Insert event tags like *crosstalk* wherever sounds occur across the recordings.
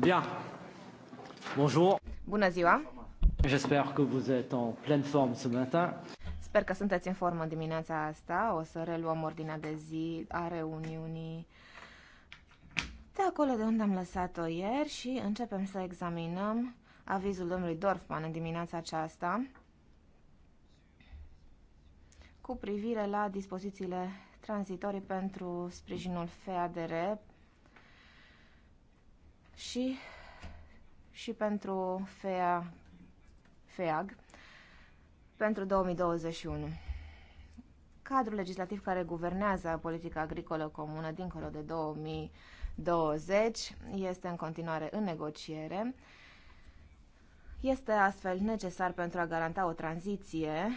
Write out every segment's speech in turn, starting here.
Bien. Bonjour. Bună ziua. J'espère que vous êtes en pleine forme ce matin. Sper că sunteți în formă dimineața asta. O să reluăm ordinea de zi a reuniunii de acolo de unde am lăsat-o ieri și începem să examinăm avizul domnului Dorfman în dimineața aceasta cu privire la dispozițiile tranzitorii pentru sprijinul FEADR și, și pentru FEA, FEAG pentru 2021. Cadrul legislativ care guvernează politica agricolă comună dincolo de 2020 este în continuare în negociere. Este astfel necesar pentru a garanta o tranziție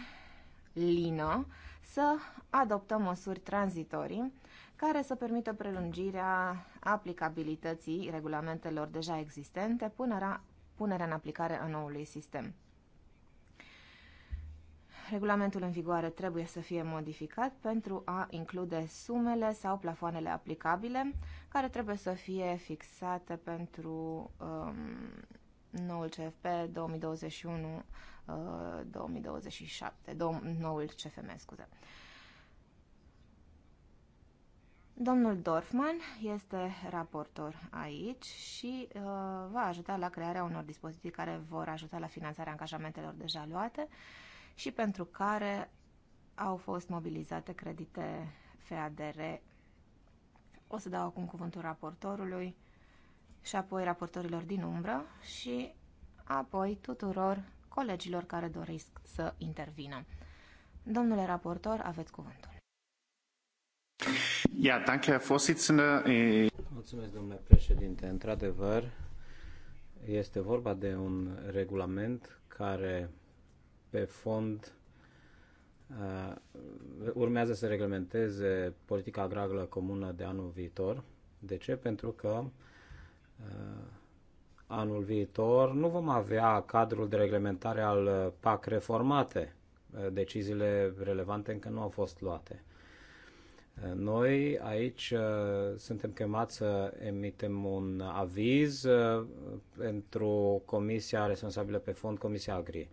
lină să adoptăm măsuri tranzitorii care să permită prelungirea aplicabilității regulamentelor deja existente, punerea, punerea în aplicare a noului sistem. Regulamentul în vigoare trebuie să fie modificat pentru a include sumele sau plafoanele aplicabile, care trebuie să fie fixate pentru um, noul CFP 2021-2027, uh, noul CFM, scuze. Uh, Domnul Dorfman este raportor aici și uh, va ajuta la crearea unor dispoziții care vor ajuta la finanțarea angajamentelor deja luate și pentru care au fost mobilizate credite FADR. O să dau acum cuvântul raportorului și apoi raportorilor din umbră și apoi tuturor colegilor care doresc să intervină. Domnule raportor, aveți cuvântul. Ja, danke, Herr Vorsitzender. Mulțumesc, domnule președinte. Într-adevăr, este vorba de un regulament care, pe fond, uh, urmează să reglementeze politica agrară comună de anul viitor. De ce? Pentru că uh, anul viitor nu vom avea cadrul de reglementare al uh, PAC reformate. Uh, deciziile relevante încă nu au fost luate. Noi aici uh, suntem chemați să emitem un aviz uh, pentru Comisia responsabilă pe fond, Comisia Agri.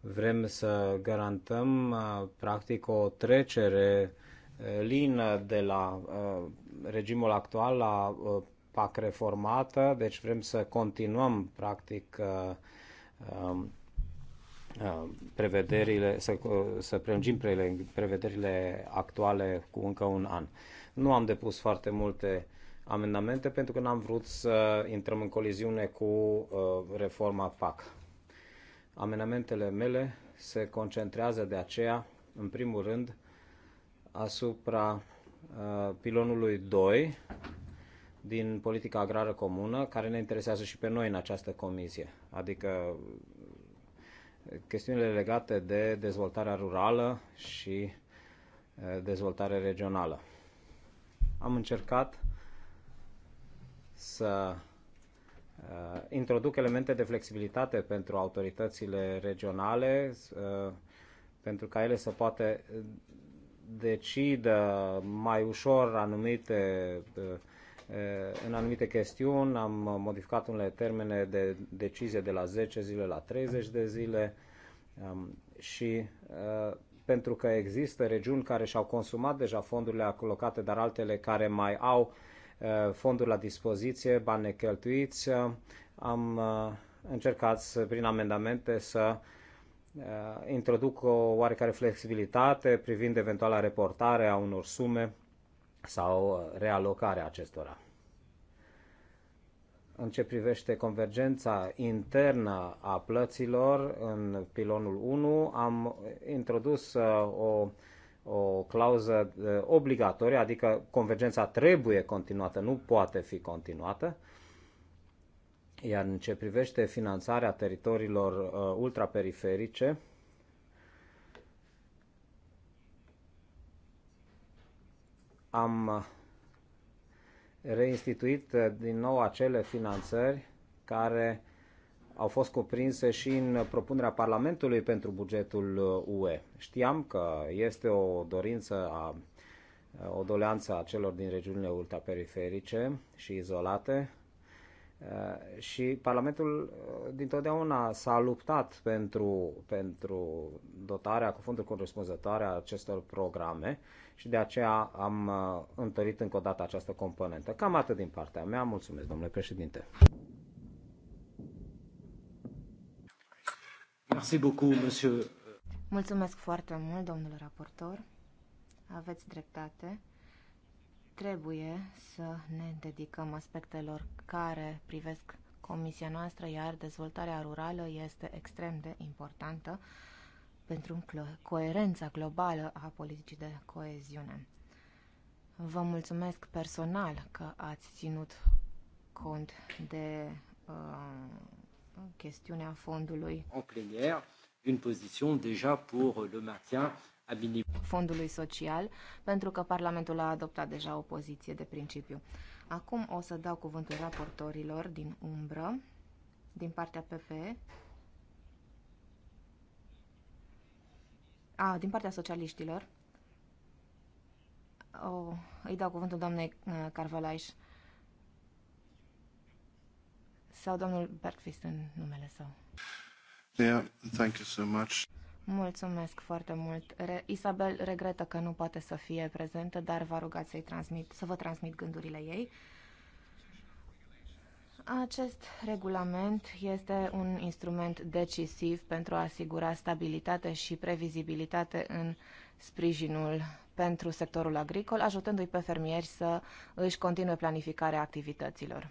Vrem să garantăm uh, practic o trecere lină de la regimul actual la PAC reformată, deci vrem să continuăm practic um, Uh, prevederile, să, uh, să prelungim prevederile actuale cu încă un an. Nu am depus foarte multe amendamente pentru că n-am vrut să intrăm în coliziune cu uh, reforma PAC. Amendamentele mele se concentrează de aceea, în primul rând, asupra pilonului 2 din politica agrară comună, care ne interesează și pe noi în această comisie, adică chestiunile legate de dezvoltarea rurală și dezvoltare regională. Am încercat să introduc elemente de flexibilitate pentru autoritățile regionale, pentru ca ele să poată decidă mai ușor anumite uh, Eh, în anumite chestiuni, am modificat unele termene de decizie de la 10 zile la 30 de zile și eh, pentru că există regiuni care și-au consumat deja fondurile alocate, dar altele care mai au eh, fonduri la dispoziție, bani necheltuiți, am încercat prin amendamente să introduc o oarecare flexibilitate privind eventuala reportare a unor sume sau uh, realocarea acestora. În ce privește convergența internă a plăților în pilonul 1, am introdus uh, o, o clauză uh, obligatorie, adică convergența trebuie continuată, nu poate fi continuată. Iar în ce privește finanțarea teritoriilor ultraperiferice, am uh, reinstituit uh, din nou acele finanțări care au fost cuprinse și în propunerea Parlamentului pentru bugetul UE. Uh, Știam că este o dorință a o doleanță a celor din regiunile ultraperiferice și izolate Eh, și Parlamentul eh, dintotdeauna s-a luptat pentru, pentru dotarea cu fonduri corespunzătoare a acestor programe și de aceea am eh, întărit încă o dată această componentă. Cam atât din partea mea. Mulțumesc, domnule președinte. Merci beaucoup, monsieur. Mulțumesc foarte mult, domnule raportor. Aveți dreptate trebuie să ne dedicăm aspectelor care privesc comisia noastră, iar dezvoltarea rurală este extrem de importantă pentru coerența globală a politicii de coeziune. Vă mulțumesc personal că ați ținut cont de uh, chestiunea fondului. En plénière, une position déjà pour le maintien fondului social, pentru că Parlamentul a adoptat deja o poziție de principiu. Acum o să dau cuvântul raportorilor din umbră, din partea PPE. A, din partea socialiștilor. O, îi dau cuvântul doamnei uh, Carvalaiș sau domnul Bergfist în numele său. Yeah, thank you so much. Mulțumesc foarte mult. Re- Isabel regretă că nu poate să fie prezentă, dar vă a rugat să-i transmit, să vă transmit gândurile ei. Acest regulament este un instrument decisiv pentru a asigura stabilitate și previzibilitate în sprijinul pentru sectorul agricol, ajutându-i pe fermieri să își continue planificarea activităților.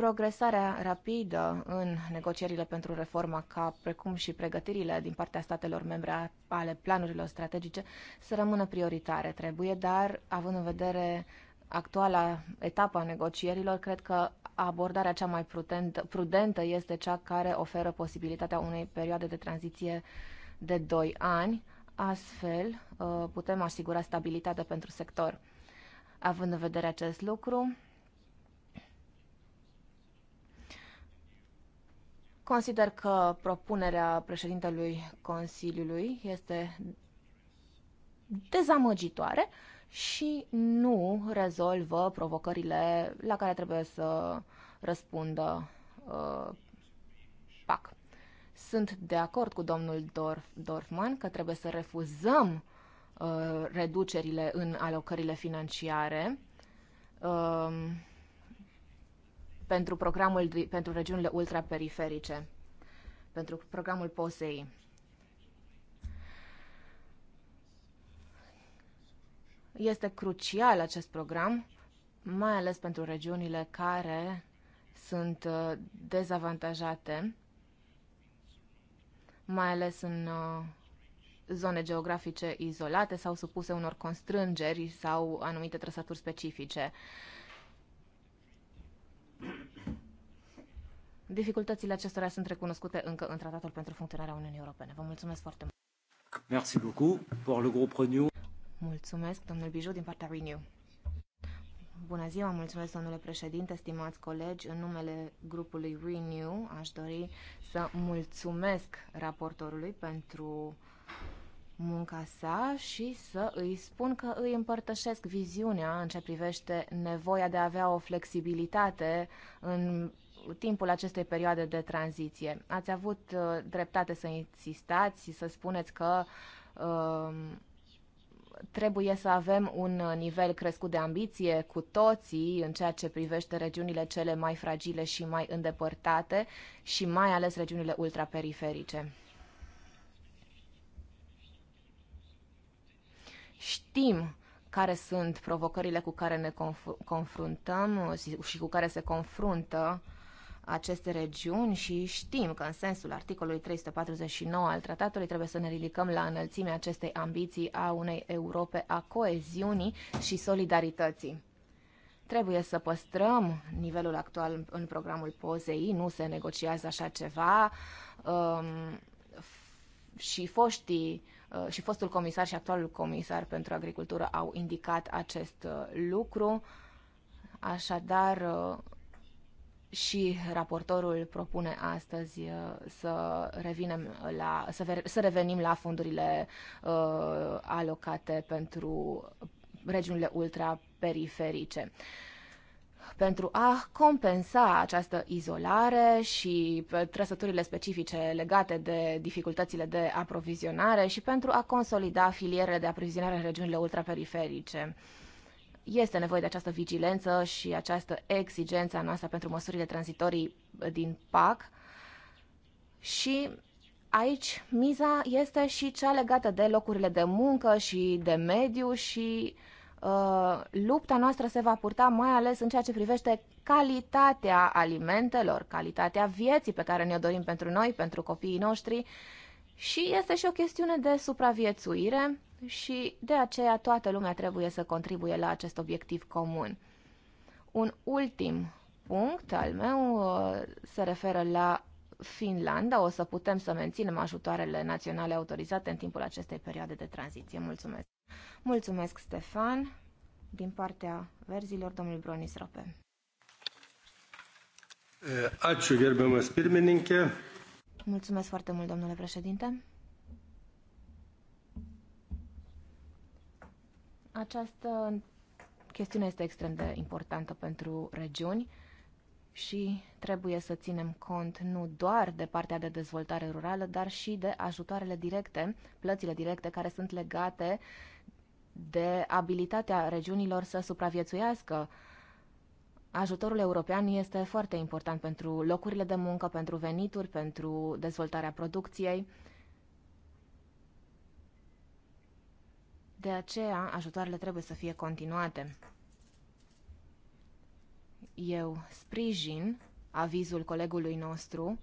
Progresarea rapidă în negocierile pentru reforma ca precum și pregătirile din partea statelor membre ale planurilor strategice, să rămână prioritare. Trebuie, dar, având în vedere actuala etapă a negocierilor, cred că abordarea cea mai prudentă prudentă este cea care oferă posibilitatea unei perioade de tranziție de 2 ani. Astfel, uh, putem asigura stabilitatea pentru sector. Având în vedere acest lucru, Consider că propunerea președintelui Consiliului este dezamăgitoare și nu rezolvă provocările la care trebuie să răspundă uh, PAC. Sunt de acord cu domnul Dorf, Dorfman că trebuie să refuzăm uh, reducerile în alocările financiare. Uh, pentru programul pentru regiunile ultraperiferice, pentru programul POSEI. Este crucial acest program, mai ales pentru regiunile care sunt uh, dezavantajate, mai ales în uh, zone geografice izolate sau supuse unor constrângeri sau anumite trăsături specifice. Dificultățile acestora sunt recunoscute încă în Tratatul pentru funcționarea Uniunii Europene. Vă mulțumesc foarte mult. Merci beaucoup pour le groupe Renew. Mulțumesc, domnul Bijou, din partea Renew. Bună ziua, mulțumesc, domnule președinte, stimați colegi. În numele grupului Renew aș dori să mulțumesc raportorului pentru munca sa și să îi spun că îi împărtășesc viziunea în ce privește nevoia de a avea o flexibilitate în timpul acestei perioade de tranziție. Ați avut uh, dreptate să insistați, să spuneți că uh, trebuie să avem un nivel crescut de ambiție cu toții în ceea ce privește regiunile cele mai fragile și mai îndepărtate și mai ales regiunile ultraperiferice. Știm care sunt provocările cu care ne confruntăm uh, și cu care se confruntă aceste regiuni și știm că în sensul articolului 349 al tratatului trebuie să ne ridicăm la înălțimea acestei ambiții a unei Europe a coeziunii și solidarității. Trebuie să păstrăm nivelul actual în programul POZEI, nu se negociază așa ceva. Um, și foștii uh, și fostul comisar și actualul comisar pentru agricultură au indicat acest uh, lucru. Așadar, uh, și raportorul propune astăzi uh, să, revenim la, să, să revenim la fondurile uh, alocate pentru regiunile ultraperiferice. Pentru a compensa această izolare și trăsăturile specifice legate de dificultățile de aprovizionare și pentru a consolida filierele de aprovizionare în regiunile ultraperiferice. Uh, este nevoie de această vigilență și această exigență a noastră pentru măsurile tranzitorii uh, din PAC. Și aici miza este și cea legată de locurile de muncă și de mediu și uh, lupta noastră se va purta mai ales în ceea ce privește calitatea alimentelor, calitatea vieții pe care ne-o dorim pentru noi, pentru copiii noștri și este și o chestiune de supraviețuire și de aceea toată lumea trebuie să contribuie la acest obiectiv comun. Un ultim punct al meu uh, se referă la Finlanda. O să putem să menținem ajutoarele naționale autorizate în timpul acestei perioade de tranziție. Mulțumesc! Mulțumesc, Stefan! Din partea verzilor, domnul Bronis Rope. Eh, ačiū, gerbiamas pirmininkė. Mulțumesc foarte mult, domnule președinte. Această chestiune este extrem de importantă pentru regiuni și trebuie să ținem cont nu doar de partea de dezvoltare rurală, dar și de ajutoarele directe, plățile directe care sunt legate de abilitatea regiunilor să supraviețuiască. Ajutorul european este foarte important pentru locurile de muncă, pentru venituri, pentru dezvoltarea producției. De aceea, ajutoarele trebuie să fie continuate. Eu sprijin avizul colegului nostru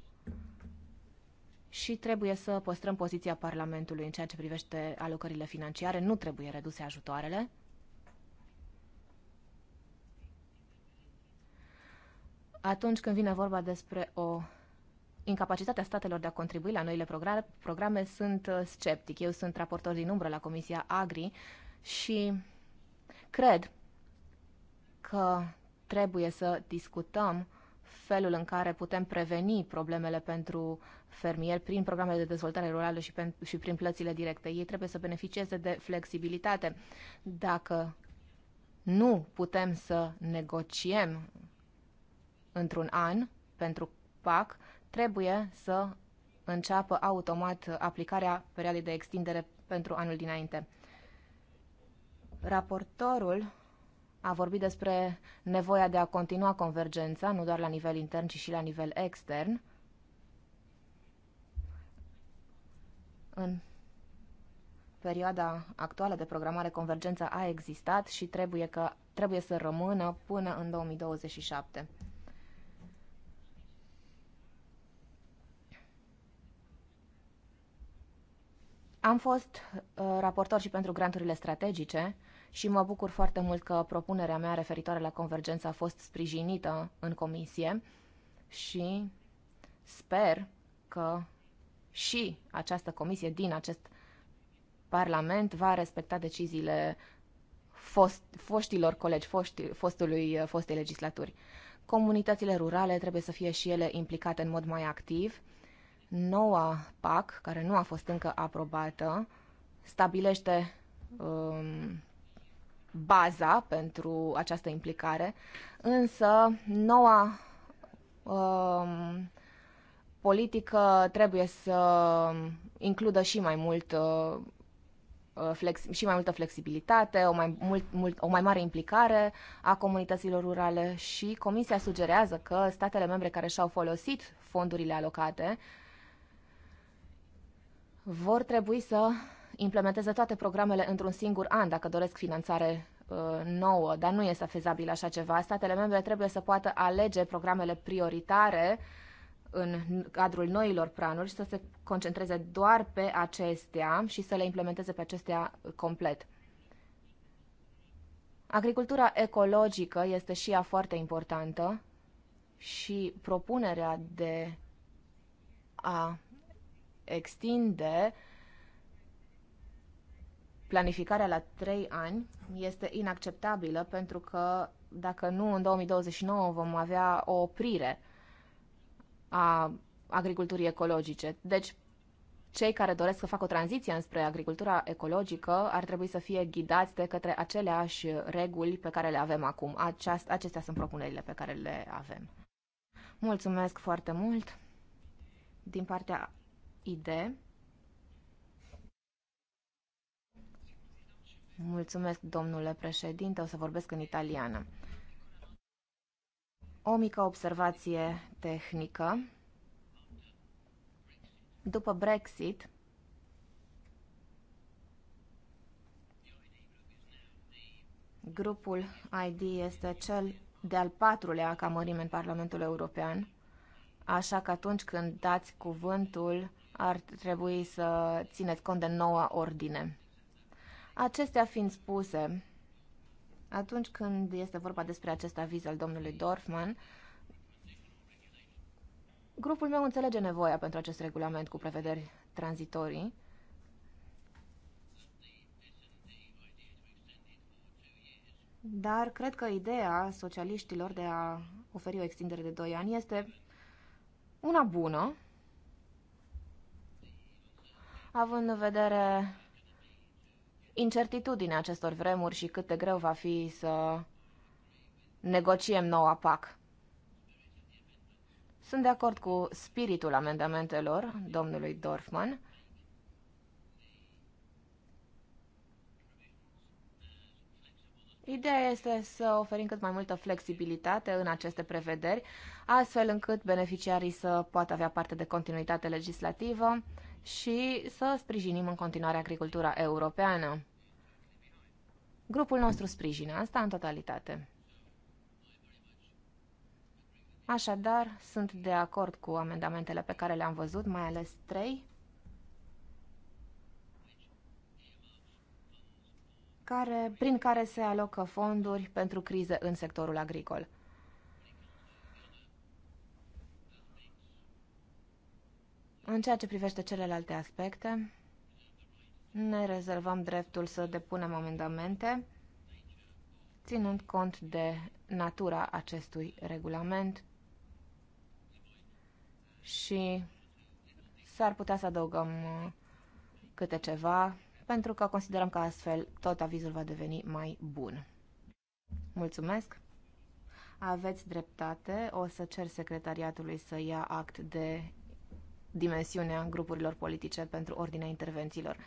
și trebuie să păstrăm poziția Parlamentului în ceea ce privește alocările financiare. Nu trebuie reduse ajutoarele. Atunci când vine vorba despre o incapacitatea statelor de a contribui la noile programe sunt uh, sceptic. Eu sunt raportor din umbră la Comisia Agri și cred că trebuie să discutăm felul în care putem preveni problemele pentru fermieri prin programele de dezvoltare rurală și, pe, și prin plățile directe. Ei trebuie să beneficieze de flexibilitate. Dacă nu putem să negociem într-un an pentru PAC, trebuie să înceapă automat aplicarea perioadei de extindere pentru anul dinainte. Raportorul a vorbit despre nevoia de a continua convergența, nu doar la nivel intern, ci și la nivel extern. În perioada actuală de programare, convergența a existat și trebuie, că, trebuie să rămână până în 2027. Am fost uh, raportor și pentru granturile strategice și mă bucur foarte mult că propunerea mea referitoare la convergență a fost sprijinită în comisie și sper că și această comisie din acest Parlament va respecta deciziile fost, foștilor colegi, foști, fostului, uh, fostei legislaturi. Comunitățile rurale trebuie să fie și ele implicate în mod mai activ Noua PAC, care nu a fost încă aprobată, stabilește um, baza pentru această implicare, însă noua um, politică trebuie să includă și mai mult uh, flex, și mai multă flexibilitate, o mai, mult, mult, o mai mare implicare a comunităților rurale și Comisia sugerează că statele membre care și-au folosit fondurile alocate vor trebui să implementeze toate programele într-un singur an dacă doresc finanțare uh, nouă, dar nu este fezabil așa ceva. Statele membre trebuie să poată alege programele prioritare în cadrul noilor planuri și să se concentreze doar pe acestea și să le implementeze pe acestea complet. Agricultura ecologică este și ea foarte importantă și propunerea de a extinde planificarea la trei ani este inacceptabilă pentru că dacă nu, în 2029 vom avea o oprire a agriculturii ecologice. Deci, cei care doresc să facă o tranziție înspre agricultura ecologică ar trebui să fie ghidați de către aceleași reguli pe care le avem acum. Aceast, acestea sunt propunerile pe care le avem. Mulțumesc foarte mult din partea ID. Mulțumesc, domnule președinte, o să vorbesc în italiană. O mică observație tehnică. După Brexit, grupul ID este cel de-al patrulea ca mărime în Parlamentul European, așa că atunci când dați cuvântul, ar trebui să țineți cont de noua ordine. Acestea fiind spuse, atunci când este vorba despre acest aviz al domnului Dorfman, grupul meu înțelege nevoia pentru acest regulament cu prevederi tranzitorii, dar cred că ideea socialiștilor de a oferi o extindere de 2 ani este una bună, având în vedere incertitudinea acestor vremuri și cât de greu va fi să negociem noua PAC. Sunt de acord cu spiritul amendamentelor domnului Dorfman. Ideea este să oferim cât mai multă flexibilitate în aceste prevederi, astfel încât beneficiarii să poată avea parte de continuitate legislativă și să sprijinim în continuare agricultura europeană. Grupul nostru sprijină asta în totalitate. Așadar, sunt de acord cu amendamentele pe care le-am văzut, mai ales trei, care, prin care se alocă fonduri pentru crize în sectorul agricol. În ceea ce privește celelalte aspecte, ne rezervăm dreptul să depunem amendamente, ținând cont de natura acestui regulament și s-ar putea să adăugăm uh, câte ceva, pentru că considerăm că astfel tot avizul va deveni mai bun. Mulțumesc! Aveți dreptate, o să cer secretariatului să ia act de dimensiunea grupurilor politice pentru ordinea intervențiilor.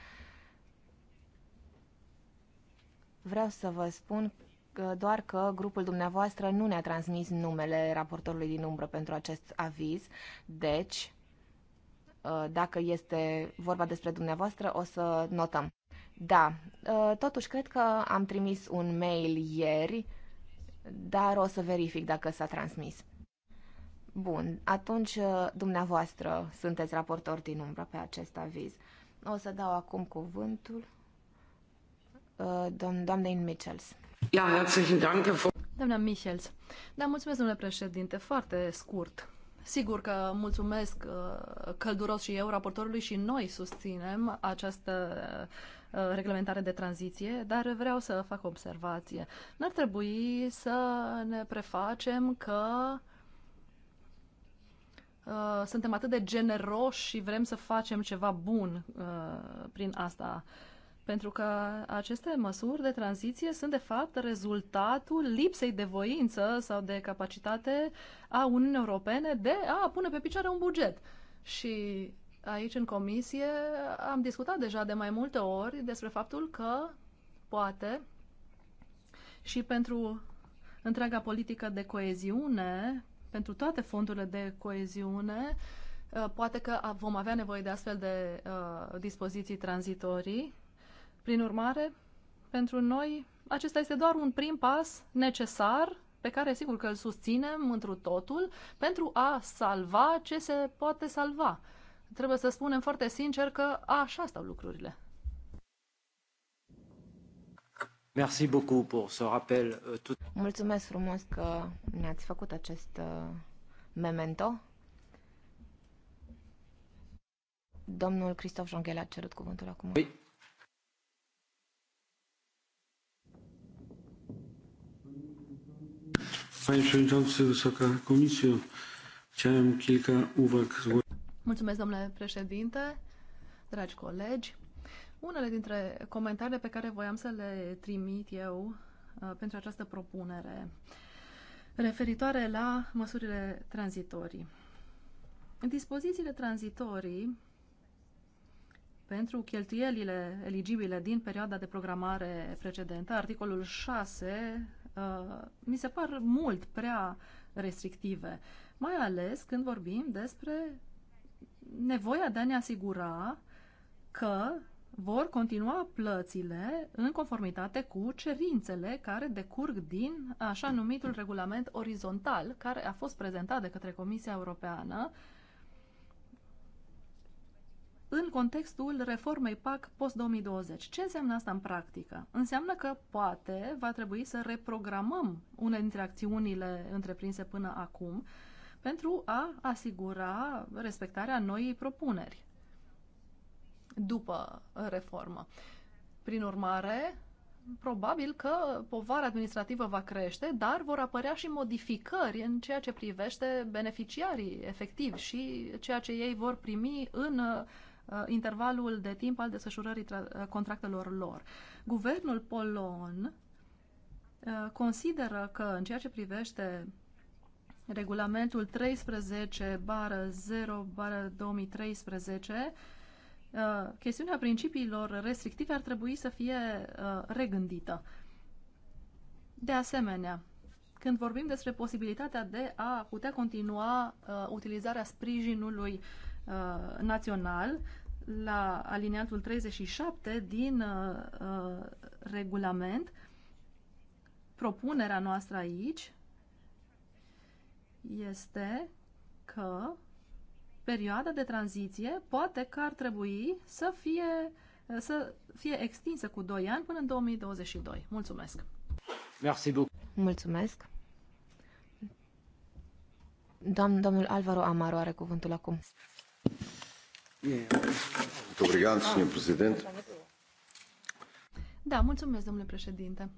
Vreau să vă spun că doar că grupul dumneavoastră nu ne-a transmis numele raportorului din umbră pentru acest aviz, deci uh, dacă este vorba despre dumneavoastră, o să notăm. Da, uh, totuși cred că am trimis un mail ieri, dar o să verific dacă s-a transmis. Bun, atunci uh, dumneavoastră sunteți raportor din umbră pe acest aviz. O să dau acum cuvântul uh, doamnei Michels. Ja, herzlichen Dank. Doamna Michels, da, mulțumesc, domnule președinte, foarte scurt. Sigur că mulțumesc uh, călduros și eu raportorului și noi susținem această reglementare de tranziție, dar vreau să fac o observație. N-ar trebui să ne prefacem că uh, Uh, suntem atât de generoși și vrem să facem ceva bun uh, prin asta. Pentru că aceste măsuri de tranziție sunt, de fapt, rezultatul lipsei de voință sau de capacitate a Uniunii Europene de a pune pe picioare un buget. Și aici, în comisie, am discutat deja de mai multe ori despre faptul că, poate, și pentru întreaga politică de coeziune, pentru toate fondurile de coeziune. Uh, poate că vom avea nevoie de astfel de uh, dispoziții tranzitorii. Prin urmare, pentru noi, acesta este doar un prim pas necesar pe care sigur că îl susținem întru totul pentru a salva ce se poate salva. Trebuie să spunem foarte sincer că așa stau lucrurile. Merci beaucoup pour ce rappel. Euh, Mulțumesc frumos că ne-ați făcut acest uh, memento. Domnul Cristof Jonghel a cerut cuvântul acum. Oui. Panie Przewodniczący, Wysoka Komisjo, chciałem kilka uwag. Mulțumesc, domnule președinte, dragi colegi unele dintre comentariile pe care voiam să le trimit eu uh, pentru această propunere referitoare la măsurile tranzitorii. Dispozițiile tranzitorii pentru cheltuielile eligibile din perioada de programare precedentă, articolul 6, uh, mi se par mult prea restrictive, mai ales când vorbim despre nevoia de a ne asigura că vor continua plățile în conformitate cu cerințele care decurg din așa numitul regulament orizontal care a fost prezentat de către Comisia Europeană în contextul reformei PAC post-2020. Ce înseamnă asta în practică? Înseamnă că poate va trebui să reprogramăm unele dintre acțiunile întreprinse până acum pentru a asigura respectarea noii propuneri după reformă. Prin urmare, probabil că povara administrativă va crește, dar vor apărea și modificări în ceea ce privește beneficiarii efectivi și ceea ce ei vor primi în uh, intervalul de timp al desfășurării uh, contractelor lor. Guvernul polon uh, consideră că în ceea ce privește regulamentul 13 bară 0 bară 2013 Uh, chestiunea principiilor restrictive ar trebui să fie uh, regândită. De asemenea, când vorbim despre posibilitatea de a putea continua uh, utilizarea sprijinului național, la alineatul 37 din uh, regulament, propunerea noastră aici este că perioada de tranziție poate că ar trebui să fie, să fie extinsă cu 2 ani până în 2022. Mulțumesc! Merci beaucoup. Mulțumesc! Doamn, domnul Alvaro Amaro are cuvântul acum. Da, mulțumesc, domnule președinte.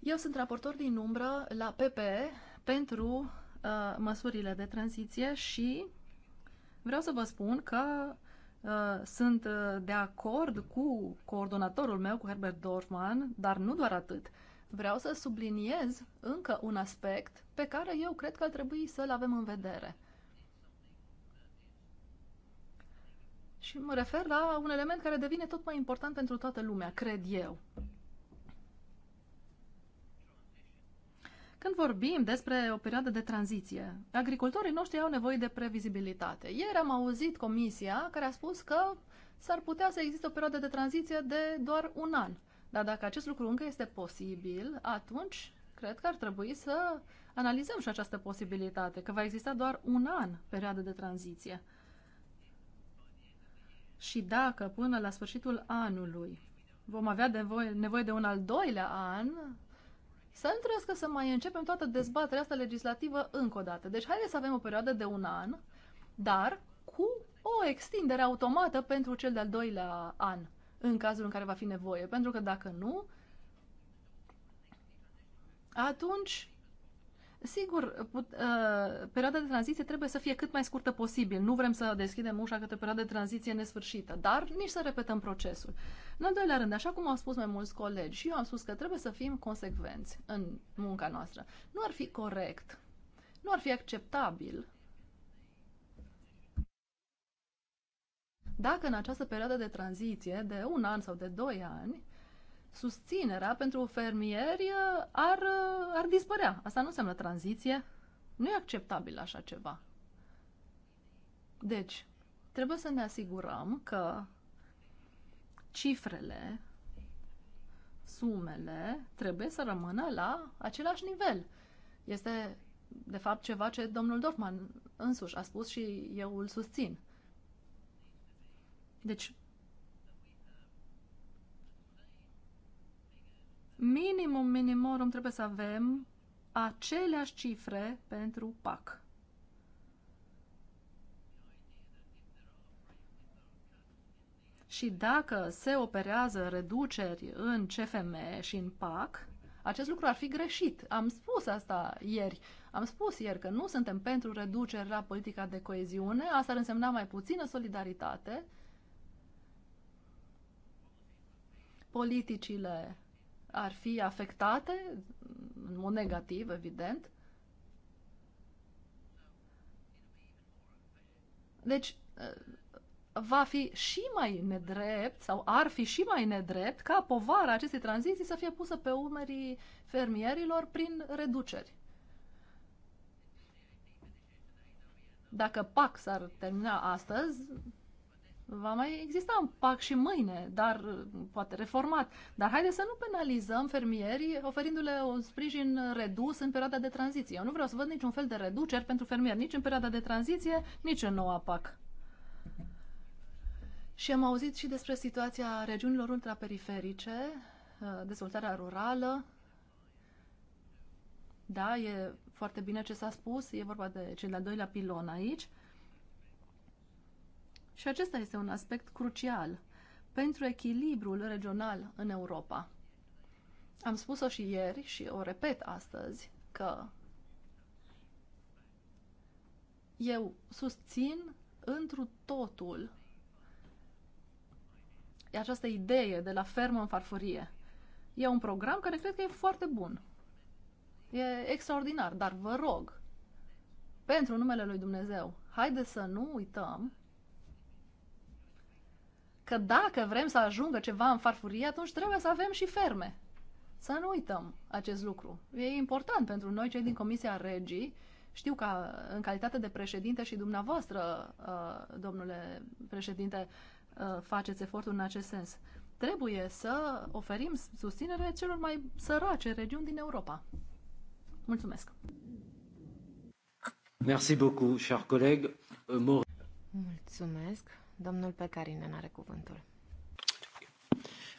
Eu sunt raportor din umbră la PP pentru Uh, măsurile de tranziție și vreau să vă spun că uh, sunt uh, de acord cu coordonatorul meu, cu Herbert Dorfman, dar nu doar atât. Vreau să subliniez încă un aspect pe care eu cred că ar trebui să-l avem în vedere. Și mă refer la un element care devine tot mai important pentru toată lumea, cred eu. Când vorbim despre o perioadă de tranziție, agricultorii noștri au nevoie de previzibilitate. Ieri am auzit comisia care a spus că s-ar putea să existe o perioadă de tranziție de doar un an. Dar dacă acest lucru încă este posibil, atunci cred că ar trebui să analizăm și această posibilitate, că va exista doar un an perioadă de tranziție. Și dacă până la sfârșitul anului vom avea nevoie, nevoie de un al doilea an să nu să mai începem toată dezbaterea asta legislativă încă o dată. Deci haideți să avem o perioadă de un an, dar cu o extindere automată pentru cel de-al doilea an, în cazul în care va fi nevoie. Pentru că dacă nu, atunci Sigur, put, uh, perioada de tranziție trebuie să fie cât mai scurtă posibil. Nu vrem să deschidem ușa către o perioadă de tranziție nesfârșită, dar nici să repetăm procesul. În al doilea rând, așa cum au spus mai mulți colegi, și eu am spus că trebuie să fim consecvenți în munca noastră. Nu ar fi corect, nu ar fi acceptabil dacă în această perioadă de tranziție de un an sau de doi ani susținerea pentru fermieri uh, ar, uh, ar dispărea. Asta nu înseamnă tranziție. Nu e acceptabil așa ceva. Deci, trebuie să ne asigurăm că cifrele, sumele, trebuie să rămână la același nivel. Este, de fapt, ceva ce domnul Dorfman însuși a spus și eu îl susțin. Deci, minimum minimorum trebuie să avem aceleași cifre pentru PAC. Și dacă se operează reduceri în CFM și în PAC, acest lucru ar fi greșit. Am spus asta ieri. Am spus ieri că nu suntem pentru reduceri la politica de coeziune. Asta ar însemna mai puțină solidaritate. Politicile ar fi afectate în mod negativ, evident. Deci, uh, va fi și mai nedrept sau ar fi și mai nedrept ca povara acestei tranziții să fie pusă pe umerii fermierilor prin reduceri. Dacă PAC s-ar termina astăzi, va mai exista un pac și mâine, dar uh, poate reformat. Dar haideți să nu penalizăm fermierii oferindu-le un sprijin redus în perioada de tranziție. Eu nu vreau să văd niciun fel de reduceri pentru fermieri, nici în perioada de tranziție, nici în noua PAC. Și am auzit și despre situația regiunilor ultraperiferice, uh, dezvoltarea rurală. Da, e foarte bine ce s-a spus, e vorba de cel de-al doilea pilon aici. Și acesta este un aspect crucial pentru echilibrul regional în Europa. Am spus-o și ieri și o repet astăzi că eu susțin întru totul această idee de la fermă în farfurie. E un program care cred că e foarte bun. E extraordinar, dar vă rog, pentru numele lui Dumnezeu, haideți să nu uităm că dacă vrem să ajungă ceva în farfurie, atunci trebuie să avem și ferme. Să nu uităm acest lucru. E important pentru noi, cei din Comisia Regii. Știu că în calitate de președinte și dumneavoastră, uh, domnule președinte, uh, faceți efortul în acest sens. Trebuie să oferim susținere celor mai sărace regiuni din Europa. Mulțumesc! Merci beaucoup, cher coleg. Euh, Mulțumesc! Domnul Pecarinen are cuvântul.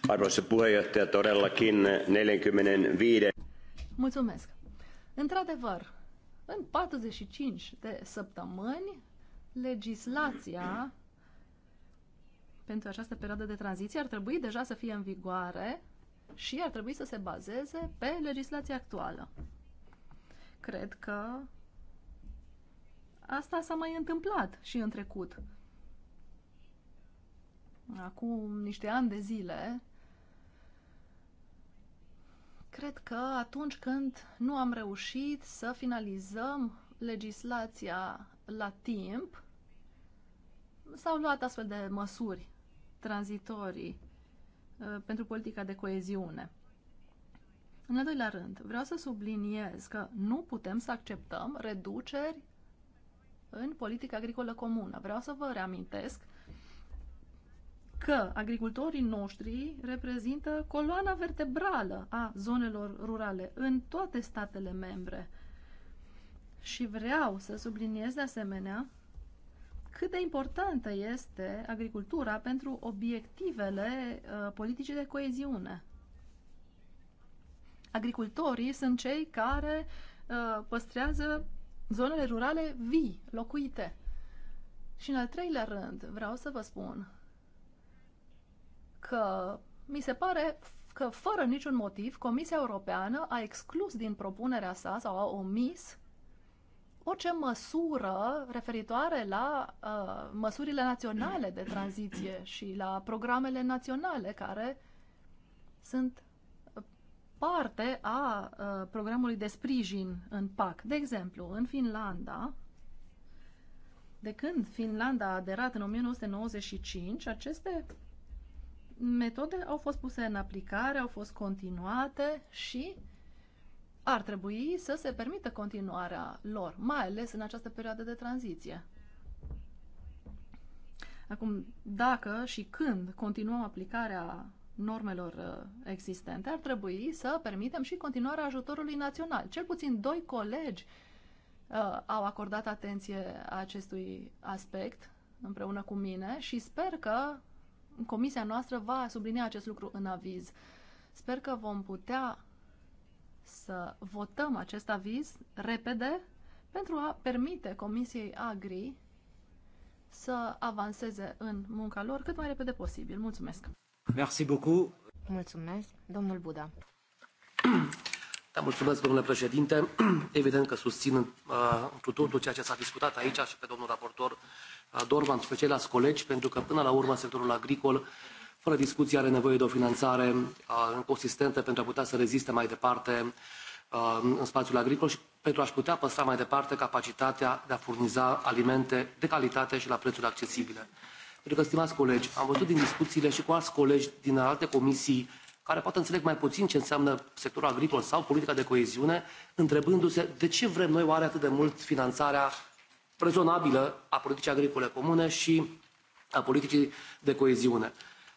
Arvoisa puheenjohtaja, todellakin 45. Mulțumesc. Într-adevăr, în 45 de săptămâni, legislația pentru această perioadă de tranziție ar trebui deja să fie în vigoare și ar trebui să se bazeze pe legislația actuală. Cred că asta s-a mai întâmplat și în trecut acum niște ani de zile, cred că atunci când nu am reușit să finalizăm legislația la timp, s-au luat astfel de măsuri tranzitorii uh, pentru politica de coeziune. În al doilea rând, vreau să subliniez că nu putem să acceptăm reduceri în politica agricolă comună. Vreau să vă reamintesc că agricultorii noștri reprezintă coloana vertebrală a zonelor rurale în toate statele membre. Și vreau să subliniez de asemenea cât de importantă este agricultura pentru obiectivele uh, politicii de coeziune. Agricultorii sunt cei care uh, păstrează zonele rurale vii, locuite. Și în al treilea rând, vreau să vă spun că mi se pare că fără niciun motiv Comisia Europeană a exclus din propunerea sa sau a omis orice măsură referitoare la uh, măsurile naționale de tranziție și la programele naționale care sunt parte a uh, programului de sprijin în PAC. De exemplu, în Finlanda, de când Finlanda a aderat în 1995, aceste metode au fost puse în aplicare, au fost continuate și ar trebui să se permită continuarea lor, mai ales în această perioadă de tranziție. Acum, dacă și când continuăm aplicarea normelor uh, existente, ar trebui să permitem și continuarea ajutorului național. Cel puțin doi colegi uh, au acordat atenție acestui aspect împreună cu mine și sper că comisia noastră va sublinia acest lucru în aviz. Sper că vom putea să votăm acest aviz repede pentru a permite Comisiei Agri să avanseze în munca lor cât mai repede posibil. Mulțumesc! Merci beaucoup! Mulțumesc, domnul Buda! Da, mulțumesc, domnule președinte. Evident că susțin uh, cu totul ceea ce s-a discutat aici și pe domnul raportor Dorman și pe ceilalți colegi, pentru că până la urmă sectorul agricol, fără discuție, are nevoie de o finanțare consistentă pentru a putea să reziste mai departe în spațiul agricol și pentru a-și putea păstra mai departe capacitatea de a furniza alimente de calitate și la prețuri accesibile. Pentru că, stimați colegi, am văzut din discuțiile și cu alți colegi din alte comisii care poate înțeleg mai puțin ce înseamnă sectorul agricol sau politica de coeziune, întrebându-se de ce vrem noi oare atât de mult finanțarea rezonabilă a politicii agricole comune și a politicii de coeziune.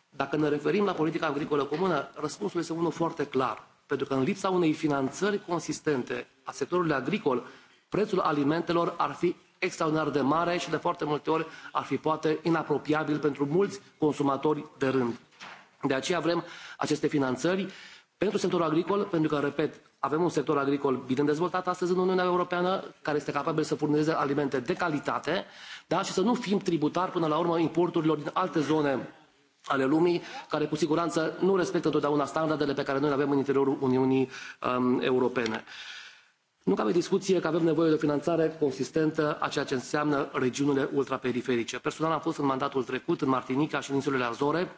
Dacă ne referim la politica agricolă comună, răspunsul este unul foarte clar. Pentru că în lipsa unei finanțări consistente a sectorului agricol, prețul alimentelor ar fi extraordinar de mare și de foarte multe ori ar fi poate inapropiabil pentru mulți consumatori de rând. De aceea vrem aceste finanțări pentru sectorul agricol, pentru că, repet, avem un sector agricol bine dezvoltat astăzi în Uniunea Europeană, care este capabil să furnizeze alimente de calitate, da? și să nu fim tributari până la urmă importurilor din alte zone ale lumii, care cu siguranță nu respectă întotdeauna standardele pe care noi le avem în interiorul Uniunii um, Europene. Nu cabe discuție că avem nevoie de o finanțare consistentă a ceea ce înseamnă regiunile ultraperiferice. Personal am fost în mandatul trecut în Martinica și în insulele Azore,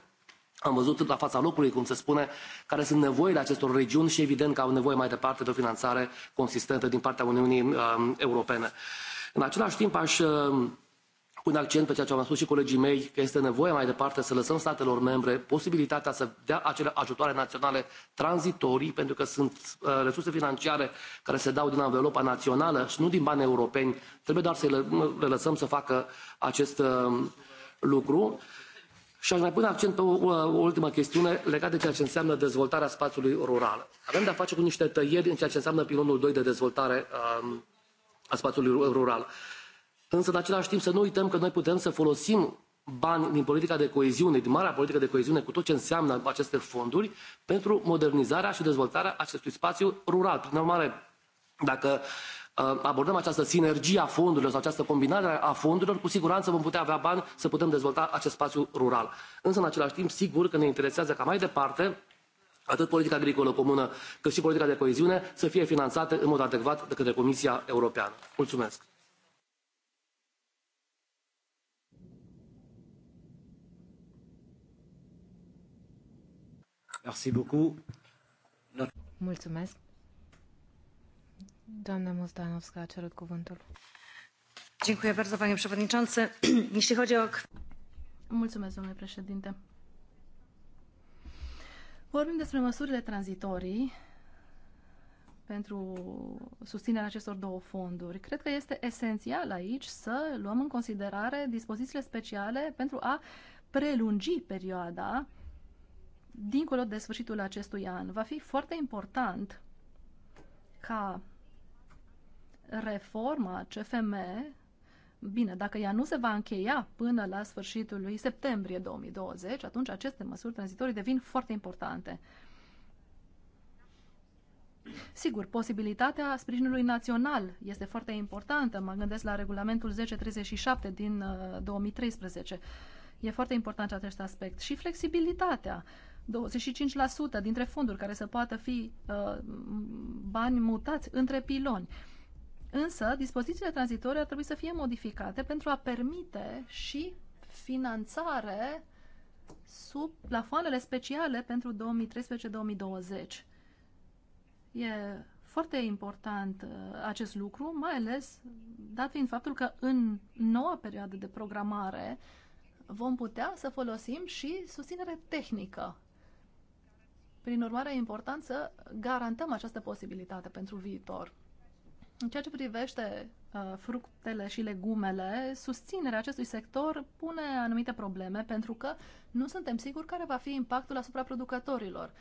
am văzut la fața locului, cum se spune, care sunt nevoile acestor regiuni și evident că au nevoie mai departe de o finanțare consistentă din partea Uniunii uh, Europene. În același timp aș uh, accent pe ceea ce au spus și colegii mei, că este nevoie mai departe să lăsăm statelor membre posibilitatea să dea acele ajutoare naționale tranzitorii, pentru că sunt uh, resurse financiare care se dau din anvelopa națională și nu din bani europeni. Trebuie doar să le, le lăsăm să facă acest uh, lucru. Uh, și aș mai pune accent pe o, o, ultimă chestiune legată de ceea ce înseamnă dezvoltarea spațiului rural. Avem de-a face cu niște tăieri în ceea ce înseamnă pilonul 2 de dezvoltare um, a spațiului rural. Însă, în același timp, să nu uităm că noi putem să folosim bani din politica de coeziune, din marea politică de coeziune, cu tot ce înseamnă aceste fonduri, pentru modernizarea și dezvoltarea acestui spațiu rural. Prin urmare, dacă abordăm această sinergie a fondurilor sau această combinare a fondurilor, cu siguranță vom putea avea bani să putem dezvolta acest spațiu rural. Însă, în același timp, sigur că ne interesează ca mai departe atât politica agricolă comună, cât și politica de coeziune, să fie finanțate în mod adecvat de către Comisia Europeană. Mulțumesc! Mulțumesc! Doamna Mozdanovska a cerut cuvântul. Dziękuję bardzo, panie przewodniczący. *clears throat* Jeśli chodzi o... Mulțumesc, domnule președinte. Vorbim despre măsurile tranzitorii pentru susținerea acestor două fonduri. Cred că este esențial aici să luăm în considerare dispozițiile speciale pentru a prelungi perioada dincolo de sfârșitul acestui an. Va fi foarte important ca reforma CFM, bine, dacă ea nu se va încheia până la sfârșitul lui septembrie 2020, atunci aceste măsuri tranzitorii devin foarte importante. Sigur, posibilitatea sprijinului național este foarte importantă. Mă gândesc la regulamentul 1037 din 2013. Uh, e foarte important acest aspect. Și flexibilitatea. 25% dintre fonduri care să poată fi uh, bani mutați între piloni. Uh, Însă, dispozițiile tranzitorii ar trebui să fie modificate pentru a permite și finanțare sub plafoanele speciale pentru 2013-2020. E foarte important uh, acest lucru, mai ales dat fiind faptul că în noua perioadă de programare vom putea să folosim și susținere tehnică. Prin urmare, e important să garantăm această posibilitate pentru viitor. În ceea ce privește uh, fructele și legumele, susținerea acestui sector pune anumite probleme pentru că nu suntem siguri care va fi impactul asupra producătorilor,